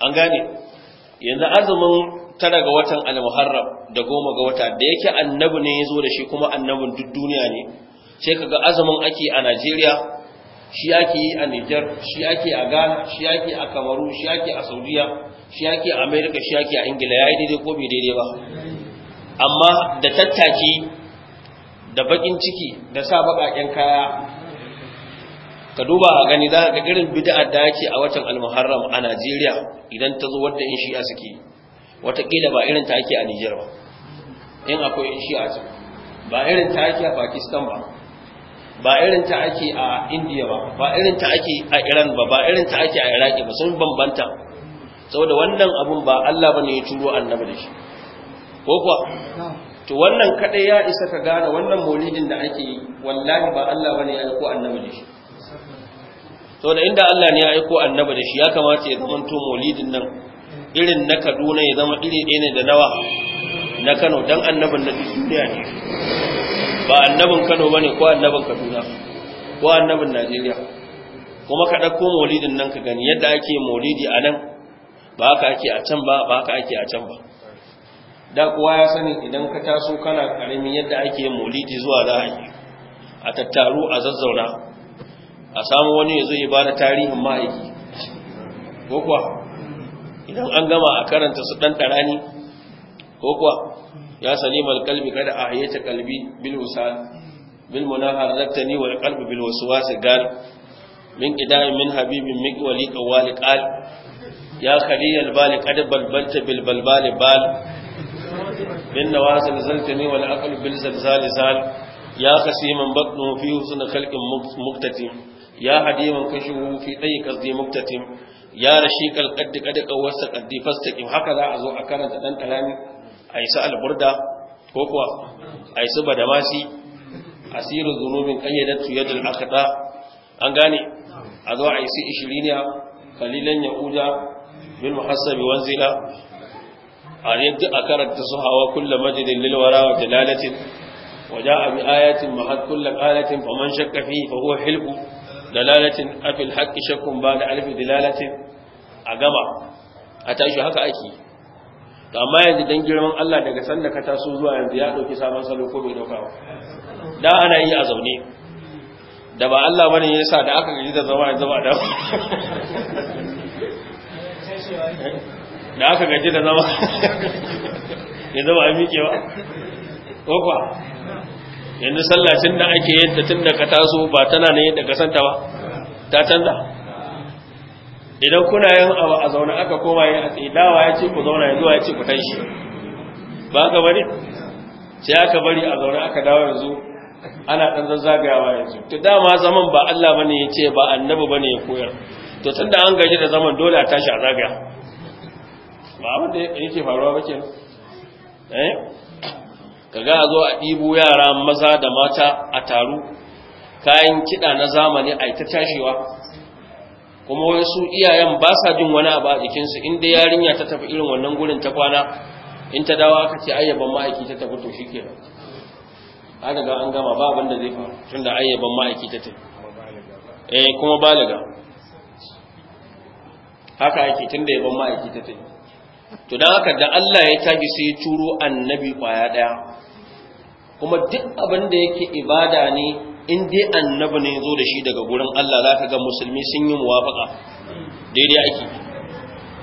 an gane yanzu azumin tara ga watan al-muharram da goma ga wata da yake annabi ne ya zo da shi kuma annabin duk duniya ne sai kaga azumin ake a Najeriya shi ake yi a Niger shi ake a Ghana shi ake a Kamaru shi ake a Saudiya shi ake a America shi ake a Ingila yayi daidai ko bai daidai ba amma da tattaki da bakin ciki da sa baƙaƙen kaya ka duba a gani za ga irin bid'a da yake a watan al-muharram a Najeriya idan ta zo wadda in shi'a suke Wataƙila ba irin ta yake a Niger ba in akwai in shi'a su ba irin ta yake a Pakistan ba ba irin ta ake a India ba ba irin ta ake a Iran ba ba irin ta ake a Iraki ba sun bambanta saboda wannan abun ba Allah bane ya turo annabi da shi ko kuwa to wannan kadai ya isa ka gane wannan maulidin da ake yi wallahi ba Allah bane ya ko annabi da shi to da inda Allah ne ya aiko annabi da shi ya kamata ya zama to maulidin nan irin na Kaduna ya zama iri ɗaya ne da nawa na Kano dan annabin na duniya ne ba annabin Kano bane ko annabin Kaduna ko annabin Najeriya kuma ka dauko maulidin nan ka gani yadda ake maulidi a nan ba haka ake a can ba ba haka ake a can ba da kowa ya sani idan ka taso kana karamin yadda ake maulidi zuwa za a yi a tattaru a zazzauna a samu wani ya zai ba da tarihin ma'aiki ko kuwa idan an gama a karanta su ɗan ɗarani ko kuwa ya salimar kalbi kada a hayyata kalbi bil bilmuna har munahar rattani wani kalbi bil wasu gar min idamin min habibin min wali qawali qal ya khaliyal bali kada balbalta bil balbali bal bin nawasil zaltani wal aql bil zalzal zal ya man batnu fi na khalqin muktati. ya hadiman kashu fi dai kazi muktatim ya rashiqal qad qad qawsa qad fastaqim haka za a zo a karanta dan kalami ai sa alburda ko kuwa ai su badamasi asiru zunubin qayyadatu yadul akhta an gane a zo a yi su ishiriniya kalilan yahuda bil muhassabi wanzila a yadda a karanta su hawa kulla majalin lilwara wa jalalatin a bi ayatin faman shakka fi hilbu dalalatin afil haqqi shakkun ba da alfi dalalatin a gama a tashi haka ake to amma yanzu dan girman Allah daga sanda ka taso zuwa yanzu ya dauki sabon salo ko bai dauka ba da ana yi a zaune da ba Allah bane yasa da aka gaji da zama yanzu ba da da aka gaji da zama yanzu ba a miƙe ba ko kwa yanzu tun da ake yadda tun da ka taso ba tana ne daga santa ba ta canza idan kuna yin abu a zaune aka koma yin a tsidawa ya ce ku zauna yanzu ya ce ku tashi ba ka bari sai aka bari a zaune aka dawo yanzu ana ɗan zazzagawa yanzu to dama zaman ba Allah bane ya ce ba annabi bane ya koyar to tunda an gaji da zaman dole a tashi a zagaya ba abin da yake faruwa ba kenan eh kaga a zo a ɗibu yara maza da mata a taru kayan kiɗa na zamani a ta tashewa kuma wasu iyayen ba sa jin wani abu a jikinsu in dai yarinya ta tafi irin wannan gurin ta kwana in ta dawo aka ce ayyaban ma'aiki ta tafi to shikenan a daga an gama ba abin da zai faru da ayyaban ma'aiki ta tafi eh kuma balaga haka ake da yaban ma'aiki ta tafi to da haka da Allah ya tafi sai ya turo annabi kwaya daya kuma duk abin da yake ibada ne in dai annabi ne zo da shi daga gurin Allah zaka ga musulmi sun yi muwafaka daidai ake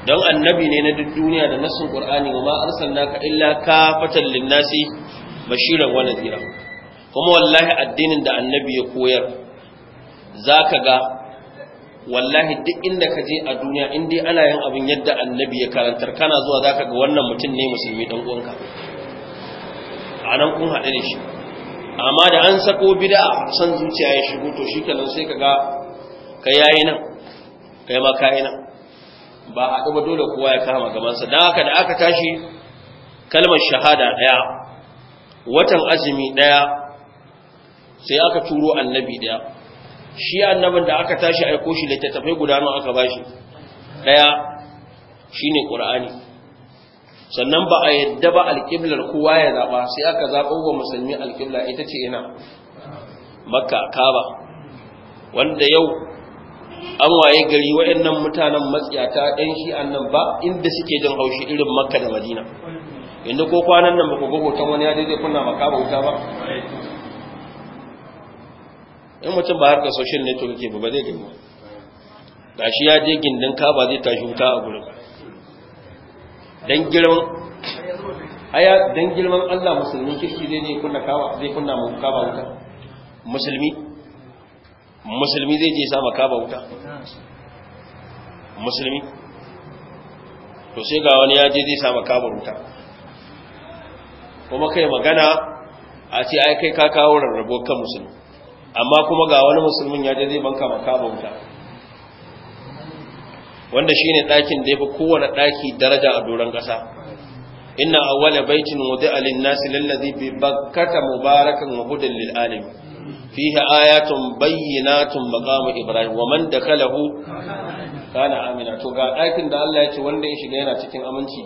don annabi ne na duk duniya da nasin qur'ani wa ma arsalnaka illa kafatan linnasi bashiran wa nadhira kuma wallahi addinin da annabi ya koyar zaka ga wallahi duk inda ka je a duniya in dai ana yin abin yadda annabi ya karantar kana zuwa zaka ga wannan mutum ne musulmi dan uwanka a nan kun haɗe ne shi amma da an sako bid'a san zuciya ya shigo to shi kenan sai ka ga ka yayi nan kai ma kai nan ba a ba dole kowa ya kama gabansa dan haka da aka tashi kalmar shahada ɗaya, watan azumi ɗaya, sai aka turo annabi ɗaya. shi annabin da aka tashi aiko shi littattafai guda nawa aka bashi daya shine qur'ani sannan ba a yadda ba alqiblar kowa ya zaba sai aka zabo wa musulmi alqibla ita ce ina makka kaaba wanda yau an waye gari waɗannan mutanen matsiyata ɗan shi annan ba inda suke jin haushi irin makka da madina inda ko kwanan nan ba ku ga ta wani ya je kuna kunna makaba wuta ba in mutum ba harkar social network ke ba zai gani ga shi ya je gindin kaba zai tashi wuta a gurin don girman Allah musulmi kirki zai kunna kaba zai kunna mu kaba wuta musulmi musulmi zai je sama kaba wuta musulmi to sai ga wani ya je zai sama kaba wuta kuma kai magana a ce ai kai ka kawo rarrabo kan musulmi amma kuma ga wani musulmin ya je zai banka maka bauta wanda shi ne ɗakin da ya fi kowane ɗaki daraja a doron ƙasa ina awwala baitin wudi'a alin nasi lallazi bi bakkata mubarakan wa lil'alim fi alamin fihi ayatun bayyinatun maqamu ibrahim wa man dakhalahu kana amina to ga ɗakin da Allah ya ce wanda ya shiga yana cikin aminci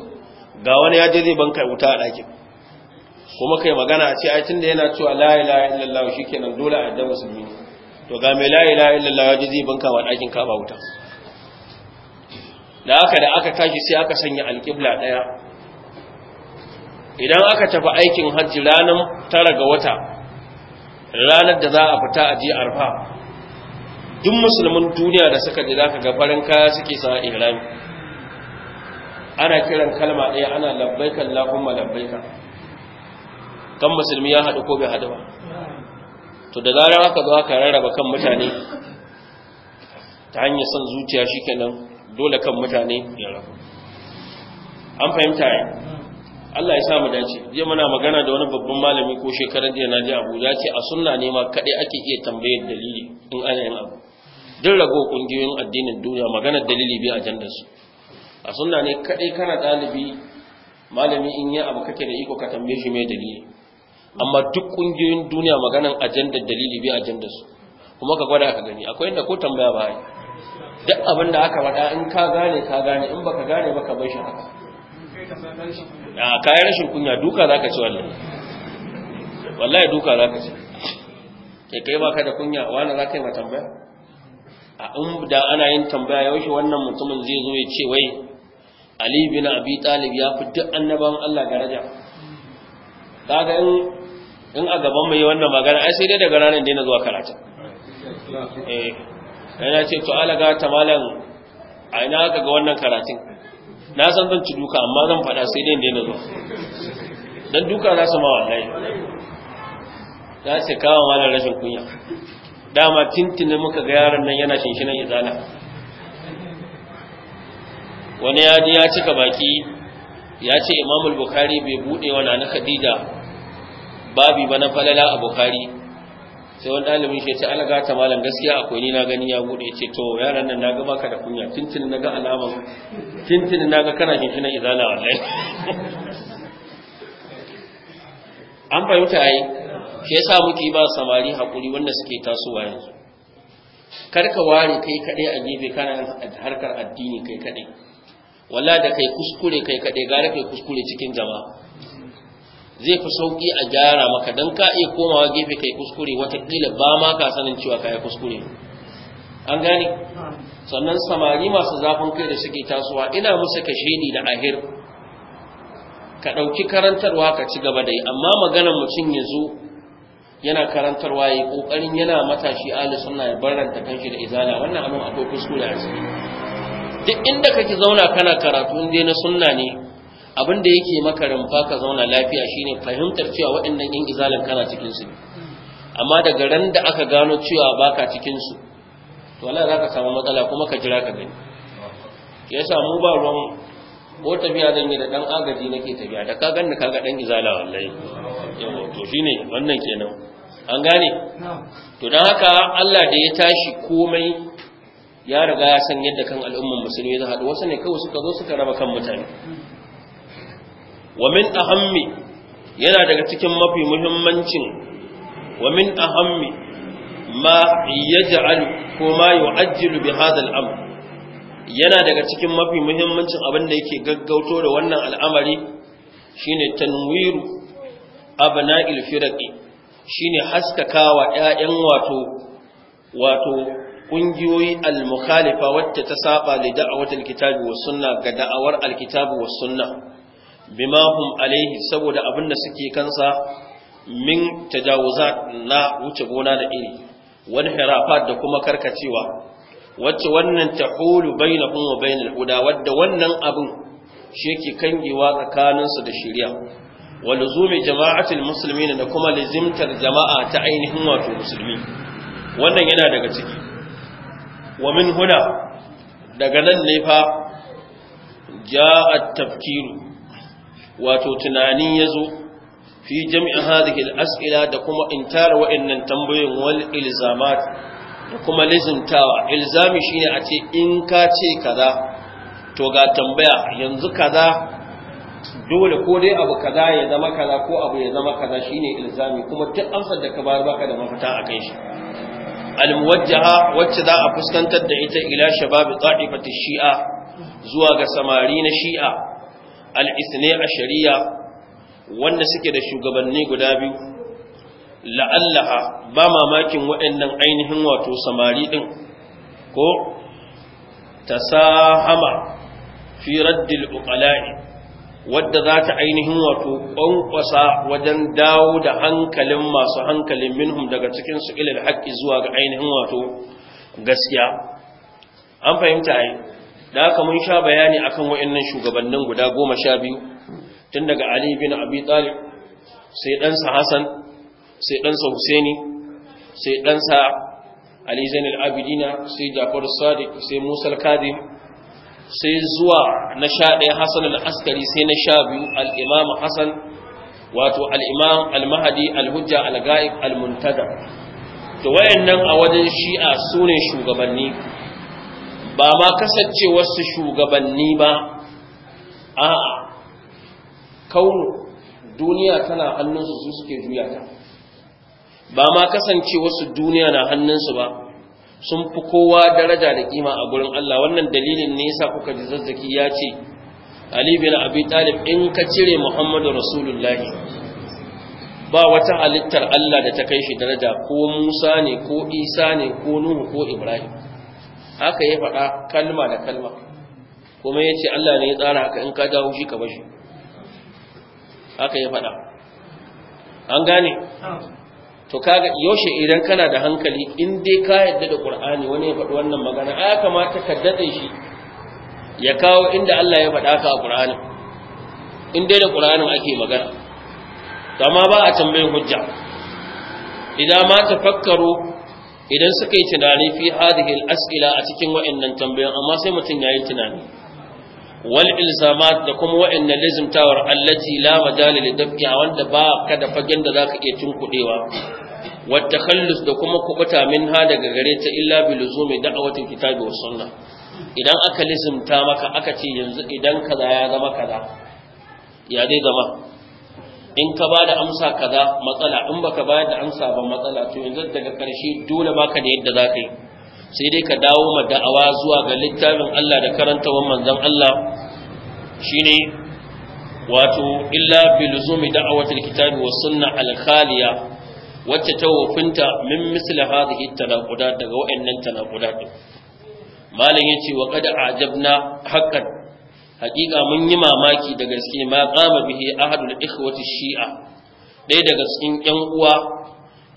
ga wani ya je zai banka wuta a ɗakin kuma kai magana a ce ai tunda yana cewa la ilaha illallah shikenan dole a yarda musulmi to ga mai la ilaha illallah ya ji zai banka wa ɗakin kaba wuta da haka da aka tashi sai aka sanya alqibla ɗaya idan aka tafi aikin hajji ranar tara ga wata ranar da za a fita a ji arfa duk musulmin duniya da suka ji zaka ga farin kaya suke sa ihrami ana kiran kalma ɗaya ana labbaika allahumma labbaika kan musulmi ya haɗu ko bai haɗu ba to da zarar aka zo aka rarraba kan mutane ta hanyar son zuciya shikenan dole kan mutane ya rabu an fahimta yi Allah ya sa mu dace je muna magana da wani babban malami ko shekarar jiya naji Abuja ce a sunna ne ma kadai ake iya tambayar dalili in ana yin abu duk rago kungiyoyin addinin duniya maganar dalili bi ajandar su a sunna ne kadai kana dalibi malami in yi abu kake da iko ka tambaye shi mai dalili amma duk ƙungiyoyin duniya maganan ajandar dalili bi ajandar su kuma ka gwada ka gani akwai inda ko tambaya ba yi. duk abin da aka faɗa in ka gane ka gane in baka gane baka bai shi haka a kayan rashin kunya duka za ka ci wallahi wallahi duka za ka ci kai kai baka da kunya wani za ka yi ma tambaya a in da ana yin tambaya yaushe wannan mutumin zai zo ya ce wai ali bin abi talib ya fi duk annaban allah garaja. kaga in in a gaban mai wannan magana ai sai dai daga ranar daina zuwa karatu eh yana ce to alaga ta malam a ina ka ga wannan karatu? na san zan ci duka amma zan faɗa sai dai daina zuwa dan duka za su ma wallahi za su kawo malam rashin kunya dama tintini muka ga yaron nan yana shinshinan izala wani ya ya cika baki ya ce imamul bukhari bai bude wa na khadija babi ba na falala a bukari sai wani ɗalibin shi ya ce ala gata malam gaskiya akwai ni na gani ya buɗe ce to yaran nan na ga da kunya tintin na ga alamar tintin na ga kana shi na izala wallahi an fahimta ai ke yasa muke ba samari hakuri wanda suke tasowa yanzu kar ka ware kai kaɗai a gefe kana harkar addini kai kaɗai wala da kai kuskure kai kaɗai gara kai kuskure cikin jama'a zai fi sauki a gyara maka don ka iya komawa gefe kai kuskure watakila ba ma ka sanin cewa yi kuskure an gane sannan samari masu zafin kai da suke tasowa ina musu kashedi da ahir ka ɗauki karantarwa ka ci gaba da yi amma maganar mutum ya zo yana karantarwa ya yi ƙoƙarin yana matashi ahli suna ya barranta kanshi da izala wannan abin akwai kuskure a ciki duk inda kake zauna kana karatu in na sunna ne abin da yake maka rumfa ka zauna lafiya shine fahimtar cewa waɗannan yan izalin kana cikin su amma daga ran da aka gano cewa baka cikin su to wallahi zaka samu matsala kuma ka jira ka gani yasa mu ba ruwan ko tafiya zan yi da dan agaji nake tafiya da ka ganni ga dan izala wallahi yawa to shine wannan kenan an gane to dan haka Allah da ya tashi komai ya riga ya san yadda kan al'umman musulmi za haɗu wasu ne kawai suka zo suka raba kan mutane wa min ahammi yana daga cikin mafi muhimmancin wa min ahammi ma yana daga cikin mafi muhimmancin abin da yake gaggauto da wannan al'amari shine tanwiru abna'il firaqi shine haskakawa ƴaƴan wato wato ƙungiyoyi al-mukhalifa wacce ta saba da da'awatul kitabi was sunna ga da'awar al-kitabi was sunna bima hum alaihi saboda abin da suke kansa min tajawuzat na wuce gona da iri wani hirafat da kuma karkacewa wacce wannan tahulu bainahum wa bainal huda wadda wannan abin shi yake kangewa tsakaninsu da shari'a wa luzumi jama'atul muslimin da kuma lazimtar jama'a ta ainihin wato musulmi wannan yana daga ciki wa min huna daga nan ne fa ja'a tafkiru wato tunani ya zo fi jami'in hadhihi al-as'ila da kuma intara wa'annan tambayoyin wal ilzamat da kuma lizintawa ilzami shine a ce in ka ce kaza to ga tambaya yanzu kaza dole ko dai abu kaza ya zama kaza ko abu ya zama kaza shine ilzami kuma duk amsar da ka bayar baka da mafita a kai shi al-muwajjaha wacce za a fuskantar da ita ila shababi ta'ifati shi'a zuwa ga samari na shi'a al'isne a shari'a wanda suke da shugabanni guda biyu la'allaha ba mamakin waɗannan ainihin wato samari ɗin ko ta sahama fi raddil uƙala'i wadda za ta ainihin wato ƙwanƙwasa wajen dawo da hankalin masu hankalin minhum daga cikin su ilil haƙƙi zuwa ga ainihin wato gaskiya an fahimta yi da haka mun sha bayani akan wayannan shugabannin guda goma sha biyu tun daga Ali bin Abi Talib sai ɗansa Hassan sai ɗansa Husaini sai ɗansa Ali Zainal Abidina sai Jafar Sadiq sai Musa Al-Kadhim sai zuwa na sha ɗaya Hassan askari sai na sha biyu al Hassan wato al al mahadi Al-Hujja Al-Ghaib Al-Muntada to wayannan a wajen Shi'a sune shugabanni ba ma kasance wasu shugabanni ba a kaunu duniya tana hannunsu su suke juya ta ba ma kasance wasu duniya na hannunsu ba sun fi kowa daraja da kima a gurin Allah wannan dalilin nisa kuka ji zazzaki ya ce Ali bin Abi Talib in ka cire Muhammadu Rasulullahi ba wata halittar Allah da ta kai shi daraja ko Musa ne ko Isa ne ko Nuhu ko Ibrahim haka ya faɗa kalma da kalma kuma ya ce Allah ne ya tsara haka in ka dawo shi ka bashi haka ya faɗa an gane to kaga yaushe idan kana da hankali in dai ka yadda da qur'ani wani ya faɗi wannan magana ai kamata ka dade shi ya kawo inda Allah ya faɗa ka a qur'ani in dai da qur'anin ake magana to amma ba a tambayin hujja idan ma fakkaro. idan suka yi tunani fi hadhihi al-as'ila a cikin wa'annan tambayoyin amma sai mutun yayi tunani wal ilzamat da kuma wa'annan lazimtawar allati la madali dab'i a wanda ba ka da fagen da zaka iya tunkudewa wat takhallus da kuma kubuta minha daga gare ta illa bi luzumi da'awatil kitabi wa sunna idan aka lizimta maka aka ce yanzu idan kaza ya zama kaza ya dai zama in ka ba da amsa kaza matsala in baka bayar da amsa ba matsala to yanzu daga karshe dole baka da yadda za ka yi sai dai ka dawo ma da'awa zuwa ga littafin Allah da karantawan manzon Allah shine wato illa bi luzumi da'awatil kitabi was sunna al khaliya wacce ta wafinta min misli hadhihi tanaqudat daga wa'annan tanaqudat malam yace wa qad ajabna haqqan hakika mun yi mamaki da gaske ma qama bihi ahadul ikhwati shi'a ɗaya daga cikin ƴan uwa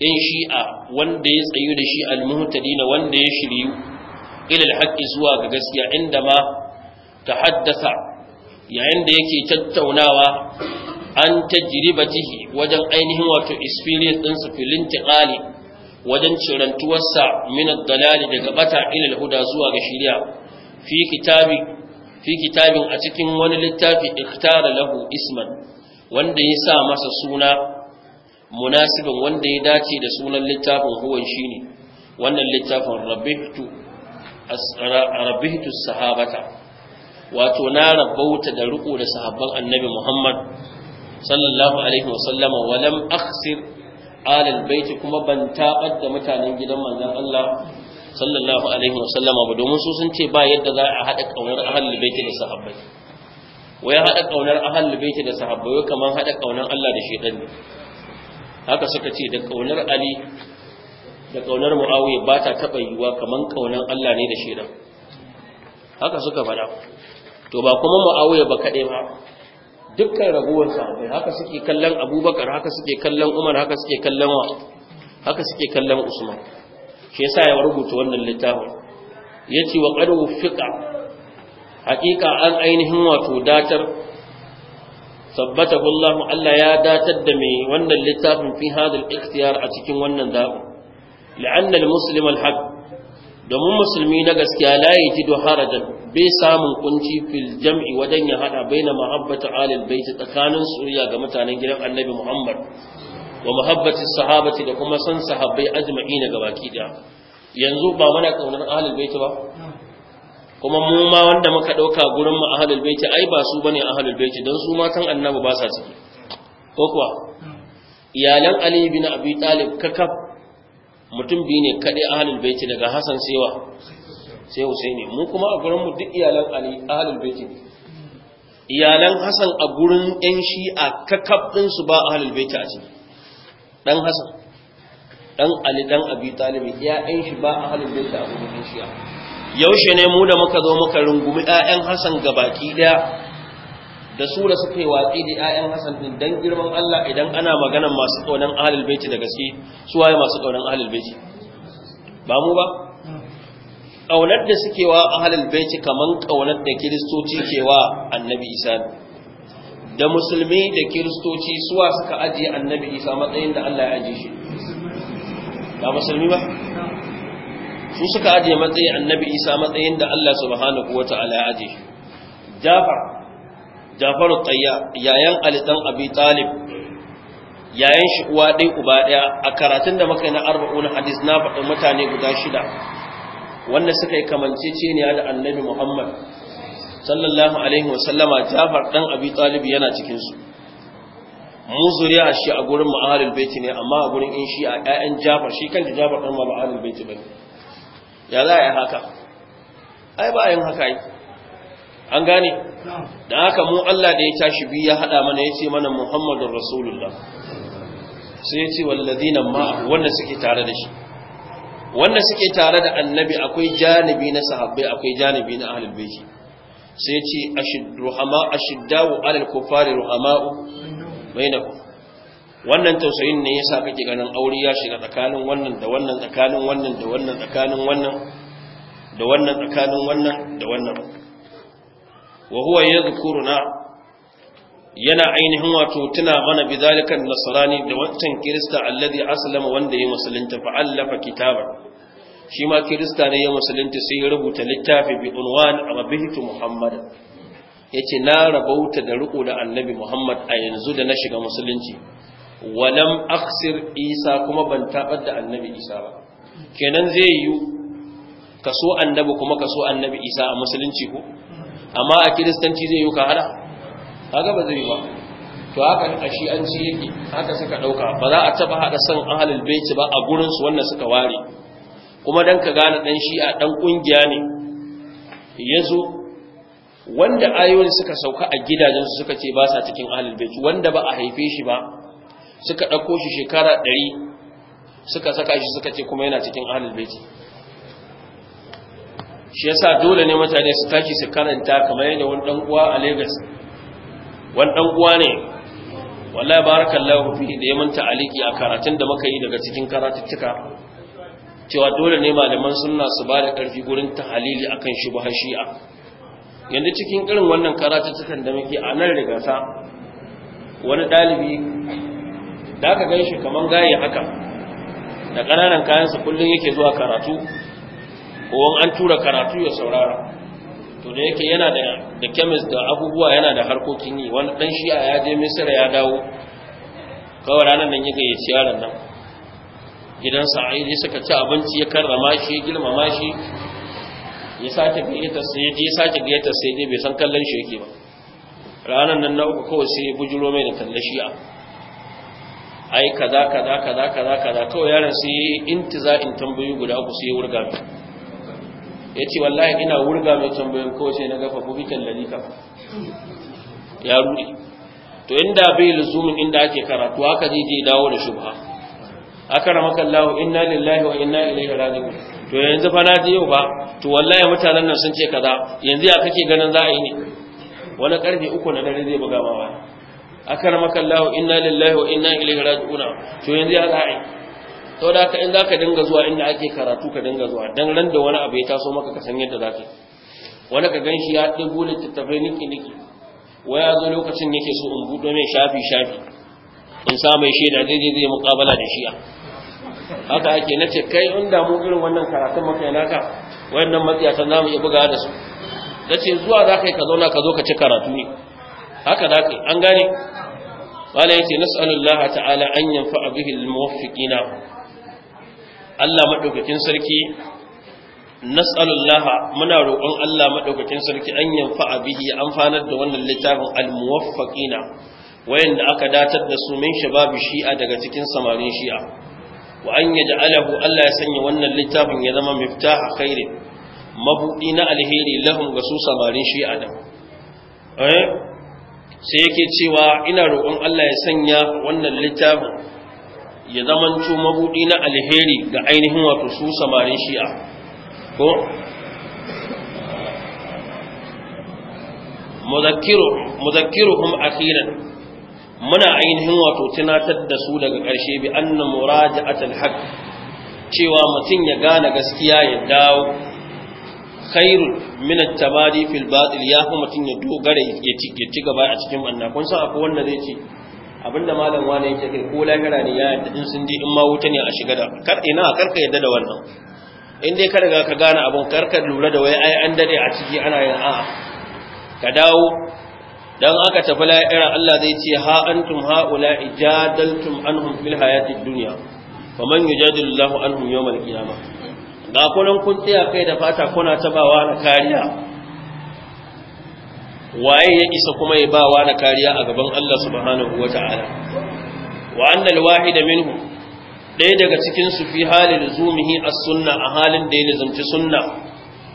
ƴan shi'a wanda ya tsayu da shi al-muhtadina wanda ya shiryu ila al-haqqi zuwa ga gaskiya inda ma haddasa yayin da yake tattaunawa an tajribatihi wajen ainihin wato experience din su filin tiqali wajen cirantuwarsa min ad-dalali daga bata ila al-huda zuwa ga shiri'a. fi kitabi fi kitabin a cikin wani littafi iktara lahu isman wanda ya sa masa suna munasibin wanda ya dace da sunan littafin huwan shine wannan littafin rabihtu sahabata wato na rabauta da riko da sahabban annabi Muhammad sallallahu alaihi wasallama walam akhsir alal baiti kuma ban taɓar da mutanen gidan manzon Allah sallallahu alaihi wa sallama ba domin su sun ce ba yadda za a haɗa ƙaunar ahlul baiti da sahabbai Waya haɗa ƙaunar ahlul baiti da sahabbai kamar haɗa ƙaunar Allah da shedan ne haka suka ce da ƙaunar Ali da ƙaunar Muawiya ba ta taɓa yiwuwa kamar ƙaunar Allah ne da shedan haka suka faɗa to ba kuma Muawiya ba kaɗai ba dukkan raguwar sahabbai haka suke kallon Abubakar haka suke kallon Umar haka suke kallon haka suke kallon Usman Ke sa ya rubuta wannan littafin yace wa qad wufiqa haqiqa an ainihin wato datar sabbata Allah Allah ya datar da mai wannan littafin fi hadal ikhtiyar a cikin wannan zaɓin la'anna al-muslim al-haq domin musulmi na gaskiya la yajidu harajan bai samun kunci fil jam'i wajen ya hada baina mahabbata alil baiti tsakanin soyayya ga mutanen gidan Annabi Muhammad wa muhabbati sahabati da kuma san sahabbai ajma'ina gabaki da yanzu ba muna kaunar ahlul bait ba kuma mu ma wanda muka dauka gurin mu ahlul bait ai ba su bane ahlul bait dan su ma kan annabi ba sa ciki ko kuwa iyalan ali bin abi talib kakaf mutum biyu ne kadai ahlul bait daga hasan sewa sai husaini mu kuma a gurin mu duk iyalan ali ahlul bait iyalan hasan a gurin yan shi'a kakaf din su ba ahlul bait a ciki dan hasan dan ali dan abi talib ƴaƴan shi ba a halin ahlul da abu gurin shi'a yaushe ne mu da muka zo muka rungumi ƴaƴan hasan gabaki daya da su da suka yi watsi da ƴaƴan hasan din dan girman Allah idan ana magana masu kaunan ahlul baiti da gaske su waye masu kaunan ahlul baiti ba mu ba kaunar da suke wa ahlul baiti kaman kaunar da kiristoci ke wa annabi isa da musulmi da kiristoci suwa suka ajiye annabi isa matsayin da Allah ya ajiye shi Da musulmi ba su suka ajiye matsayin annabi isa matsayin da Allah subhanahu wata'ala ya ajiye jafar jafar tayya yayan ali dan abi talib yayan shi uwa dai uba daya a karatun da muka yi na arba'un hadis na faɗi mutane guda shida wanda suka yi kamanceceniya da annabi muhammad sallallahu alaihi wasallama jafar dan abi talib yana cikin su mu zuriya shi a gurin mu ahlul baiti ne amma a gurin in shi a ƴaƴan jafar shi kanta jafar dan ma ba ahlul baiti bane ya za a yi haka ai ba a yin haka yi an gane da haka mu Allah da ya tashi bi ya hada mana yace mana Muhammadur Rasulullah sai yace walladina ma wanda suke tare da shi wanda suke tare da annabi akwai janibi na sahabbai akwai janibi na ahlul baiti sai ce ashidduhama ashiddawu alal kufari ruhama'u bainakum wannan tausayin ne yasa kake ganin aure ya shiga tsakanin wannan da wannan tsakanin wannan da wannan tsakanin wannan da wannan tsakanin wannan da wannan wa huwa yadhkuruna yana ainihin wato tuna mana bidalikan nasrani da wancan kirista alladhi aslama wanda ya musulunta fa allafa kitabar shi ma kirista ne ya musulunta sai ya rubuta littafi bi unwan rabbitu muhammad yace na rabauta da riko da annabi muhammad a yanzu da na shiga musulunci lam aksir isa kuma ban tabar da annabi isa ba kenan zai yi kaso annabi kuma kaso annabi isa a musulunci ko amma a kiristanci zai yi ka hada kaga ba zai ba to haka a shi an ci yake haka suka dauka ba za a taba hada san ahlul bait ba a gurin su wannan suka ware kuma dan ka gane dan shi'a dan kungiya ne yazo wanda ayoyin suka sauka a gidajen su suka ce ba sa cikin ahlul bait wanda ba a haife shi ba suka dauko shi shekara 100 suka saka shi suka ce kuma yana cikin ahlul bait shi yasa dole ne mutane su tashi su karanta kamar yadda wani dan uwa a Lagos wani dan uwa ne wallahi barakallahu fi da ya manta aliki a karatun da muka yi daga cikin karatuttuka cewa dole ne malaman sunna su ba da ƙarfi gurin tahalili akan shi buhar shi'a yanzu cikin irin wannan karatuttukan da muke a nan rigasa wani ɗalibi da aka gan shi kamar gaye haka da ƙananan kayansa kullum yake zuwa karatu wani an tura karatu ya saurara to da yake yana da kemis da abubuwa yana da harkokin yi wani ɗan shi'a ya je misira ya dawo kawai ranar nan ya gayyaci yaron nan gidan sa'idi suka ci abinci ya karrama shi girmama shi ya sake gayyata sai je sake gayyata sai dai bai san kallon shi yake ba ranan nan na uku kawai sai bujuro mai da kallon a. ai kaza kaza kaza kaza kaza to yaron sai in tambayi guda uku sai ya wurga mai ya ce wallahi ina wurga mai tambayoyin kawai sai na gafa bukitan lalika ya rudi to inda bai lizumin inda ake karatu haka zai je dawo da shubha akramaka Allah inna lillahi wa inna ilaihi raji'un to yanzu fa na ji yau ba to wallahi mutanen nan sun ce kaza yanzu ya kake ganin za a yi ne wani karfe uku na dare zai buga ma mawa akramaka Allah inna lillahi wa inna ilaihi raji'un to yanzu ya za a yi to da ka in zaka dinga zuwa inda ake karatu ka dinga zuwa dan ran da wani abu ya taso maka ka san yadda zaka wani ka ganshi ya dubo littattafai niki niki waya zo lokacin yake so in buɗe mai shafi shafi in sa mai shaida daidai zai mukabala da shi'a haka ake nace kai in damu irin wannan karatun maka naka matsaya matsiyatan zamu iya buga da su nace zuwa za ka yi ka zauna ka zo ka ci karatu ne haka da ka yi an gane wala yace nas'alullah ta'ala an yanfa'a bihi almuwaffiqina Allah madaukakin sarki nas'alullah muna roƙon Allah madaukakin sarki an yanfa'a bihi an fanar da wannan littafin almuwaffiqina wayanda aka datar da su min shababi shi'a daga cikin samarin shi'a wa an alahu, Allah ya sanya wannan littafin ya zama miftaha khairin mabudi na alheri lahum ga su samarin shi adam eh sai yake cewa ina roƙon Allah ya sanya wannan littafin ya zamanto mabudi na alheri ga ainihin wato su samarin shi'a ko mudhakkiruhum akhiran muna ainihin wato tunatar da su daga ƙarshe bi anna muraja'atul haqq cewa mutum ya gane gaskiya ya dawo khairun min at-tabadi fil batil ya fi mutum ya dogara ya ci ya ci gaba a cikin wannan. kun san akwai wanda zai ce abinda malam wani yake kai ko lagara ne ya yadda in sun je in ma wuta ne a shiga da kar ina karka yadda da wannan in dai ka riga ka gane abun karka lura da wai ai an dade a ciki ana yin a'a ka dawo dan aka tafi la'ira Allah zai ce ha antum ula ijadaltum anhum fil hayatid dunya faman yujadilullahu anhum al qiyamah da kullun kun tsaya kai da fata kuna tabawa na kariya waye ya isa kuma ya bawa na kariya a gaban Allah subhanahu wata'ala wa anna alwahida minhum ɗaya daga cikin su fi halin zumihi as-sunna a halin da ya nizamci sunna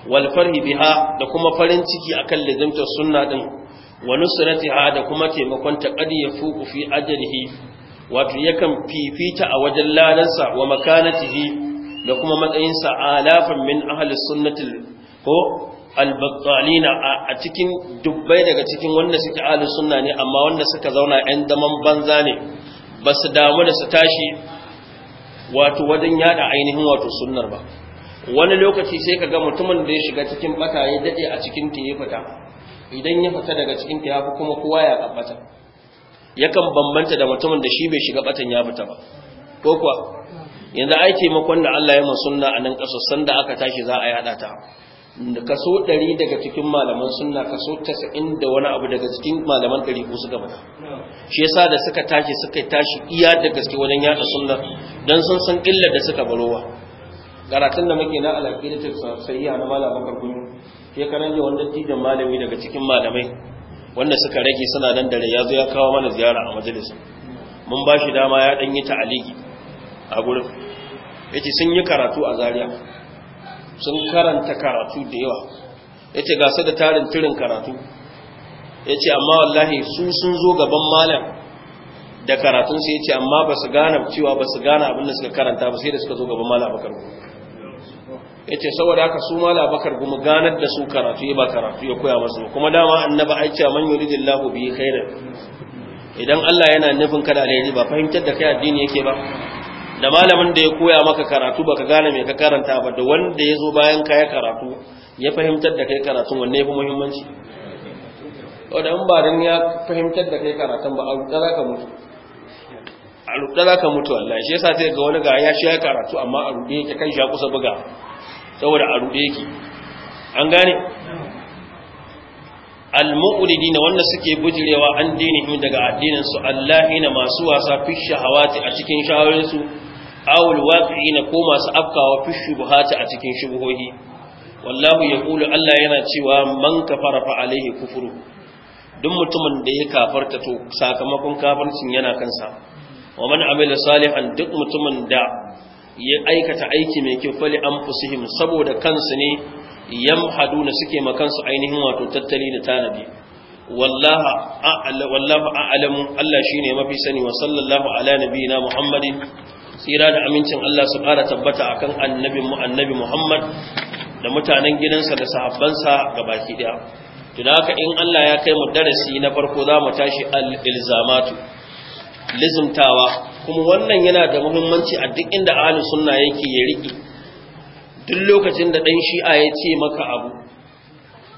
wal farhi biha da kuma farin ciki akan lizamtar sunna din Wani nusratiha da kuma taimakon ta qad yafuqu fi ajrihi wato yakan fifita a wajen ladansa wa makanatihi da kuma matsayin sa alafan min ahli sunnati ko albattalina a cikin dubbai daga cikin wanda suke ahli sunna ne amma wanda suka zauna yan zaman banza ne ba su damu da su tashi wato wajen yada ainihin wato sunnar ba wani lokaci sai ka ga mutumin da ya shiga cikin bata ya dade a cikin ta ya fita idan ya fita daga cikin ta yafi kuma kowa ya kabbata yakan bambanta da mutumin da shi bai shiga batan ya fita ba ko kuwa yanzu ai taimakon da Allah ya ma sunna a nan kaso sanda aka tashi za a yada ta da kaso 100 daga cikin malaman sunna kaso 90 da wani abu daga cikin malaman ɗari ko suka mata shi yasa da suka tashi suka tashi iya da gaske wajen yada sunna dan sun san illar da suka barowa karatun da muke na alaƙidatar sahiha na malam bakar kunyu ke karan ji wanda tijan malami daga cikin malamai wanda suka rage suna nan dare ya zo ya kawo mana ziyara a majalis mun ba shi dama ya ɗanyi ta'aliki a gurin yace sun yi karatu a Zariya, sun karanta karatu da yawa yace ga su da tarin tirin karatu yace amma wallahi su sun zo gaban malam da karatun sai yace amma ba su gane cewa ba su gane abin da suka karanta ba sai da suka zo gaban malam bakar kunyu yace saboda haka su mala bakar kuma ganar da su karatu ba karatu ya koya masu kuma dama annaba aiki man yuridillahu bi khairin idan Allah yana nufin kada alheri ba fahimtar da kai addini yake ba da malamin da ya koya maka karatu baka gane me ka karanta ba da wanda ya zo bayan ka ya karatu ya fahimtar da kai karatun wanne yafi muhimmanci wanda in ba dan ya fahimtar da kai karatun ba a rudda ka mutu a rudda ka mutu wallahi shi yasa sai ga wani ga ya shi ya karatu amma a rudde yake kai shi ya kusa buga saboda a ruɗe yake an gane al-mu'ridin wanda suke bujirewa an dinihim daga addinin su allahina masu wasa fi shahawati a cikin shawarin su awul waqi'in ko masu afkawa fi shubuhati a cikin shubuhohi wallahu yaqulu allah yana cewa man kafara fa alaihi kufru duk mutumin da ya kafarta to sakamakon kafircin yana kansa wa man amila salihan duk mutumin da ya aikata aiki mai kyau fali an fusihim saboda kansu ne yamhaduna suke makansu ainihin wato tattali da tanabi wallahu a'lamu Allah shine mafi sani wa sallallahu ala na Muhammadin tsira da amincin Allah su ƙara tabbata akan annabin mu annabi Muhammad da mutanen gidansa da sahabbansa ga baki ɗaya. da haka in Allah ya kai mu darasi na farko za mu tashi al-ilzamatu kuma wannan yana da muhimmanci a duk inda ahlus sunna yake ya riki duk lokacin da dan shi'a ya ce maka abu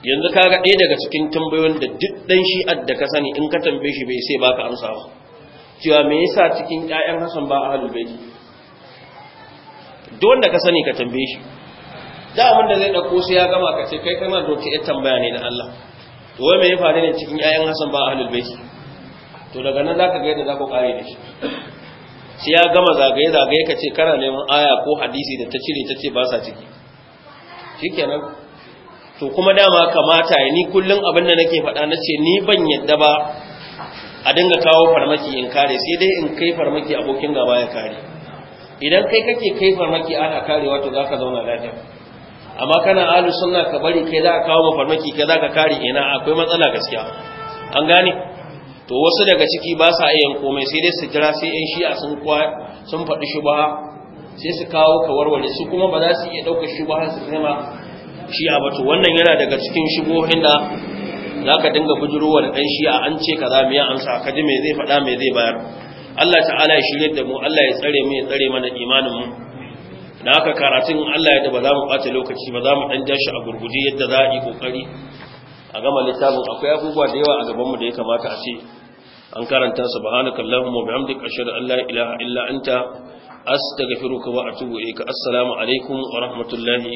yanzu kaga ɗaya daga cikin tambayoyin da duk dan shi'a da ka sani in ka tambaye shi bai sai baka amsa ba cewa me yasa cikin ƴaƴan Hassan ba ahlul bait duk wanda ka sani ka tambaye shi da abin da zai dauko sai ya gama ka ce kai kana da wata tambaya ne da Allah to wai me ya faru ne cikin ƴaƴan Hassan ba ahlul bait to daga nan zaka ga yadda za ku kare da shi sai ya gama zagaye-zagaye ka ce kana neman aya ko hadisi da ta cire ta ce ba sa ciki shikenan to kuma dama kamata ya ni kullum abin da nake faɗa na ce ni ban yadda ba a dinga kawo farmaki in kare sai dai in kai farmaki abokin gaba ya kare idan kai kake kai farmaki ana karewa to za ka zauna lafiya amma kana alu sunna ka bari kai za ka kawo farmaki kai za ka kare ina akwai matsala gaskiya an gane to wasu daga ciki ba sa iya komai sai dai su jira sai yan shi'a sun sun faɗi shubaha sai su kawo ka su kuma ba za su iya ɗaukar shubaha su kai shi'a ba to wannan yana daga cikin shubohin da za ka dinga bujirowa dan ɗan shi'a an ce kaza me ya amsa ka ji me zai faɗa me zai bayar Allah ta'ala ya shirye da mu Allah ya tsare mu ya tsare mana imanin mu da haka karatun Allah ya da ba za mu ɓata lokaci ba za mu ɗan ja a gurguje yadda za a yi ƙoƙari a gama littafin akwai abubuwa da yawa a gabanmu da ya kamata a ce an karanta subhanakallahumma wa bihamdika ashhadu an la ilaha illa anta astaghfiruka wa atubu ilayka assalamu alaikum wa rahmatullahi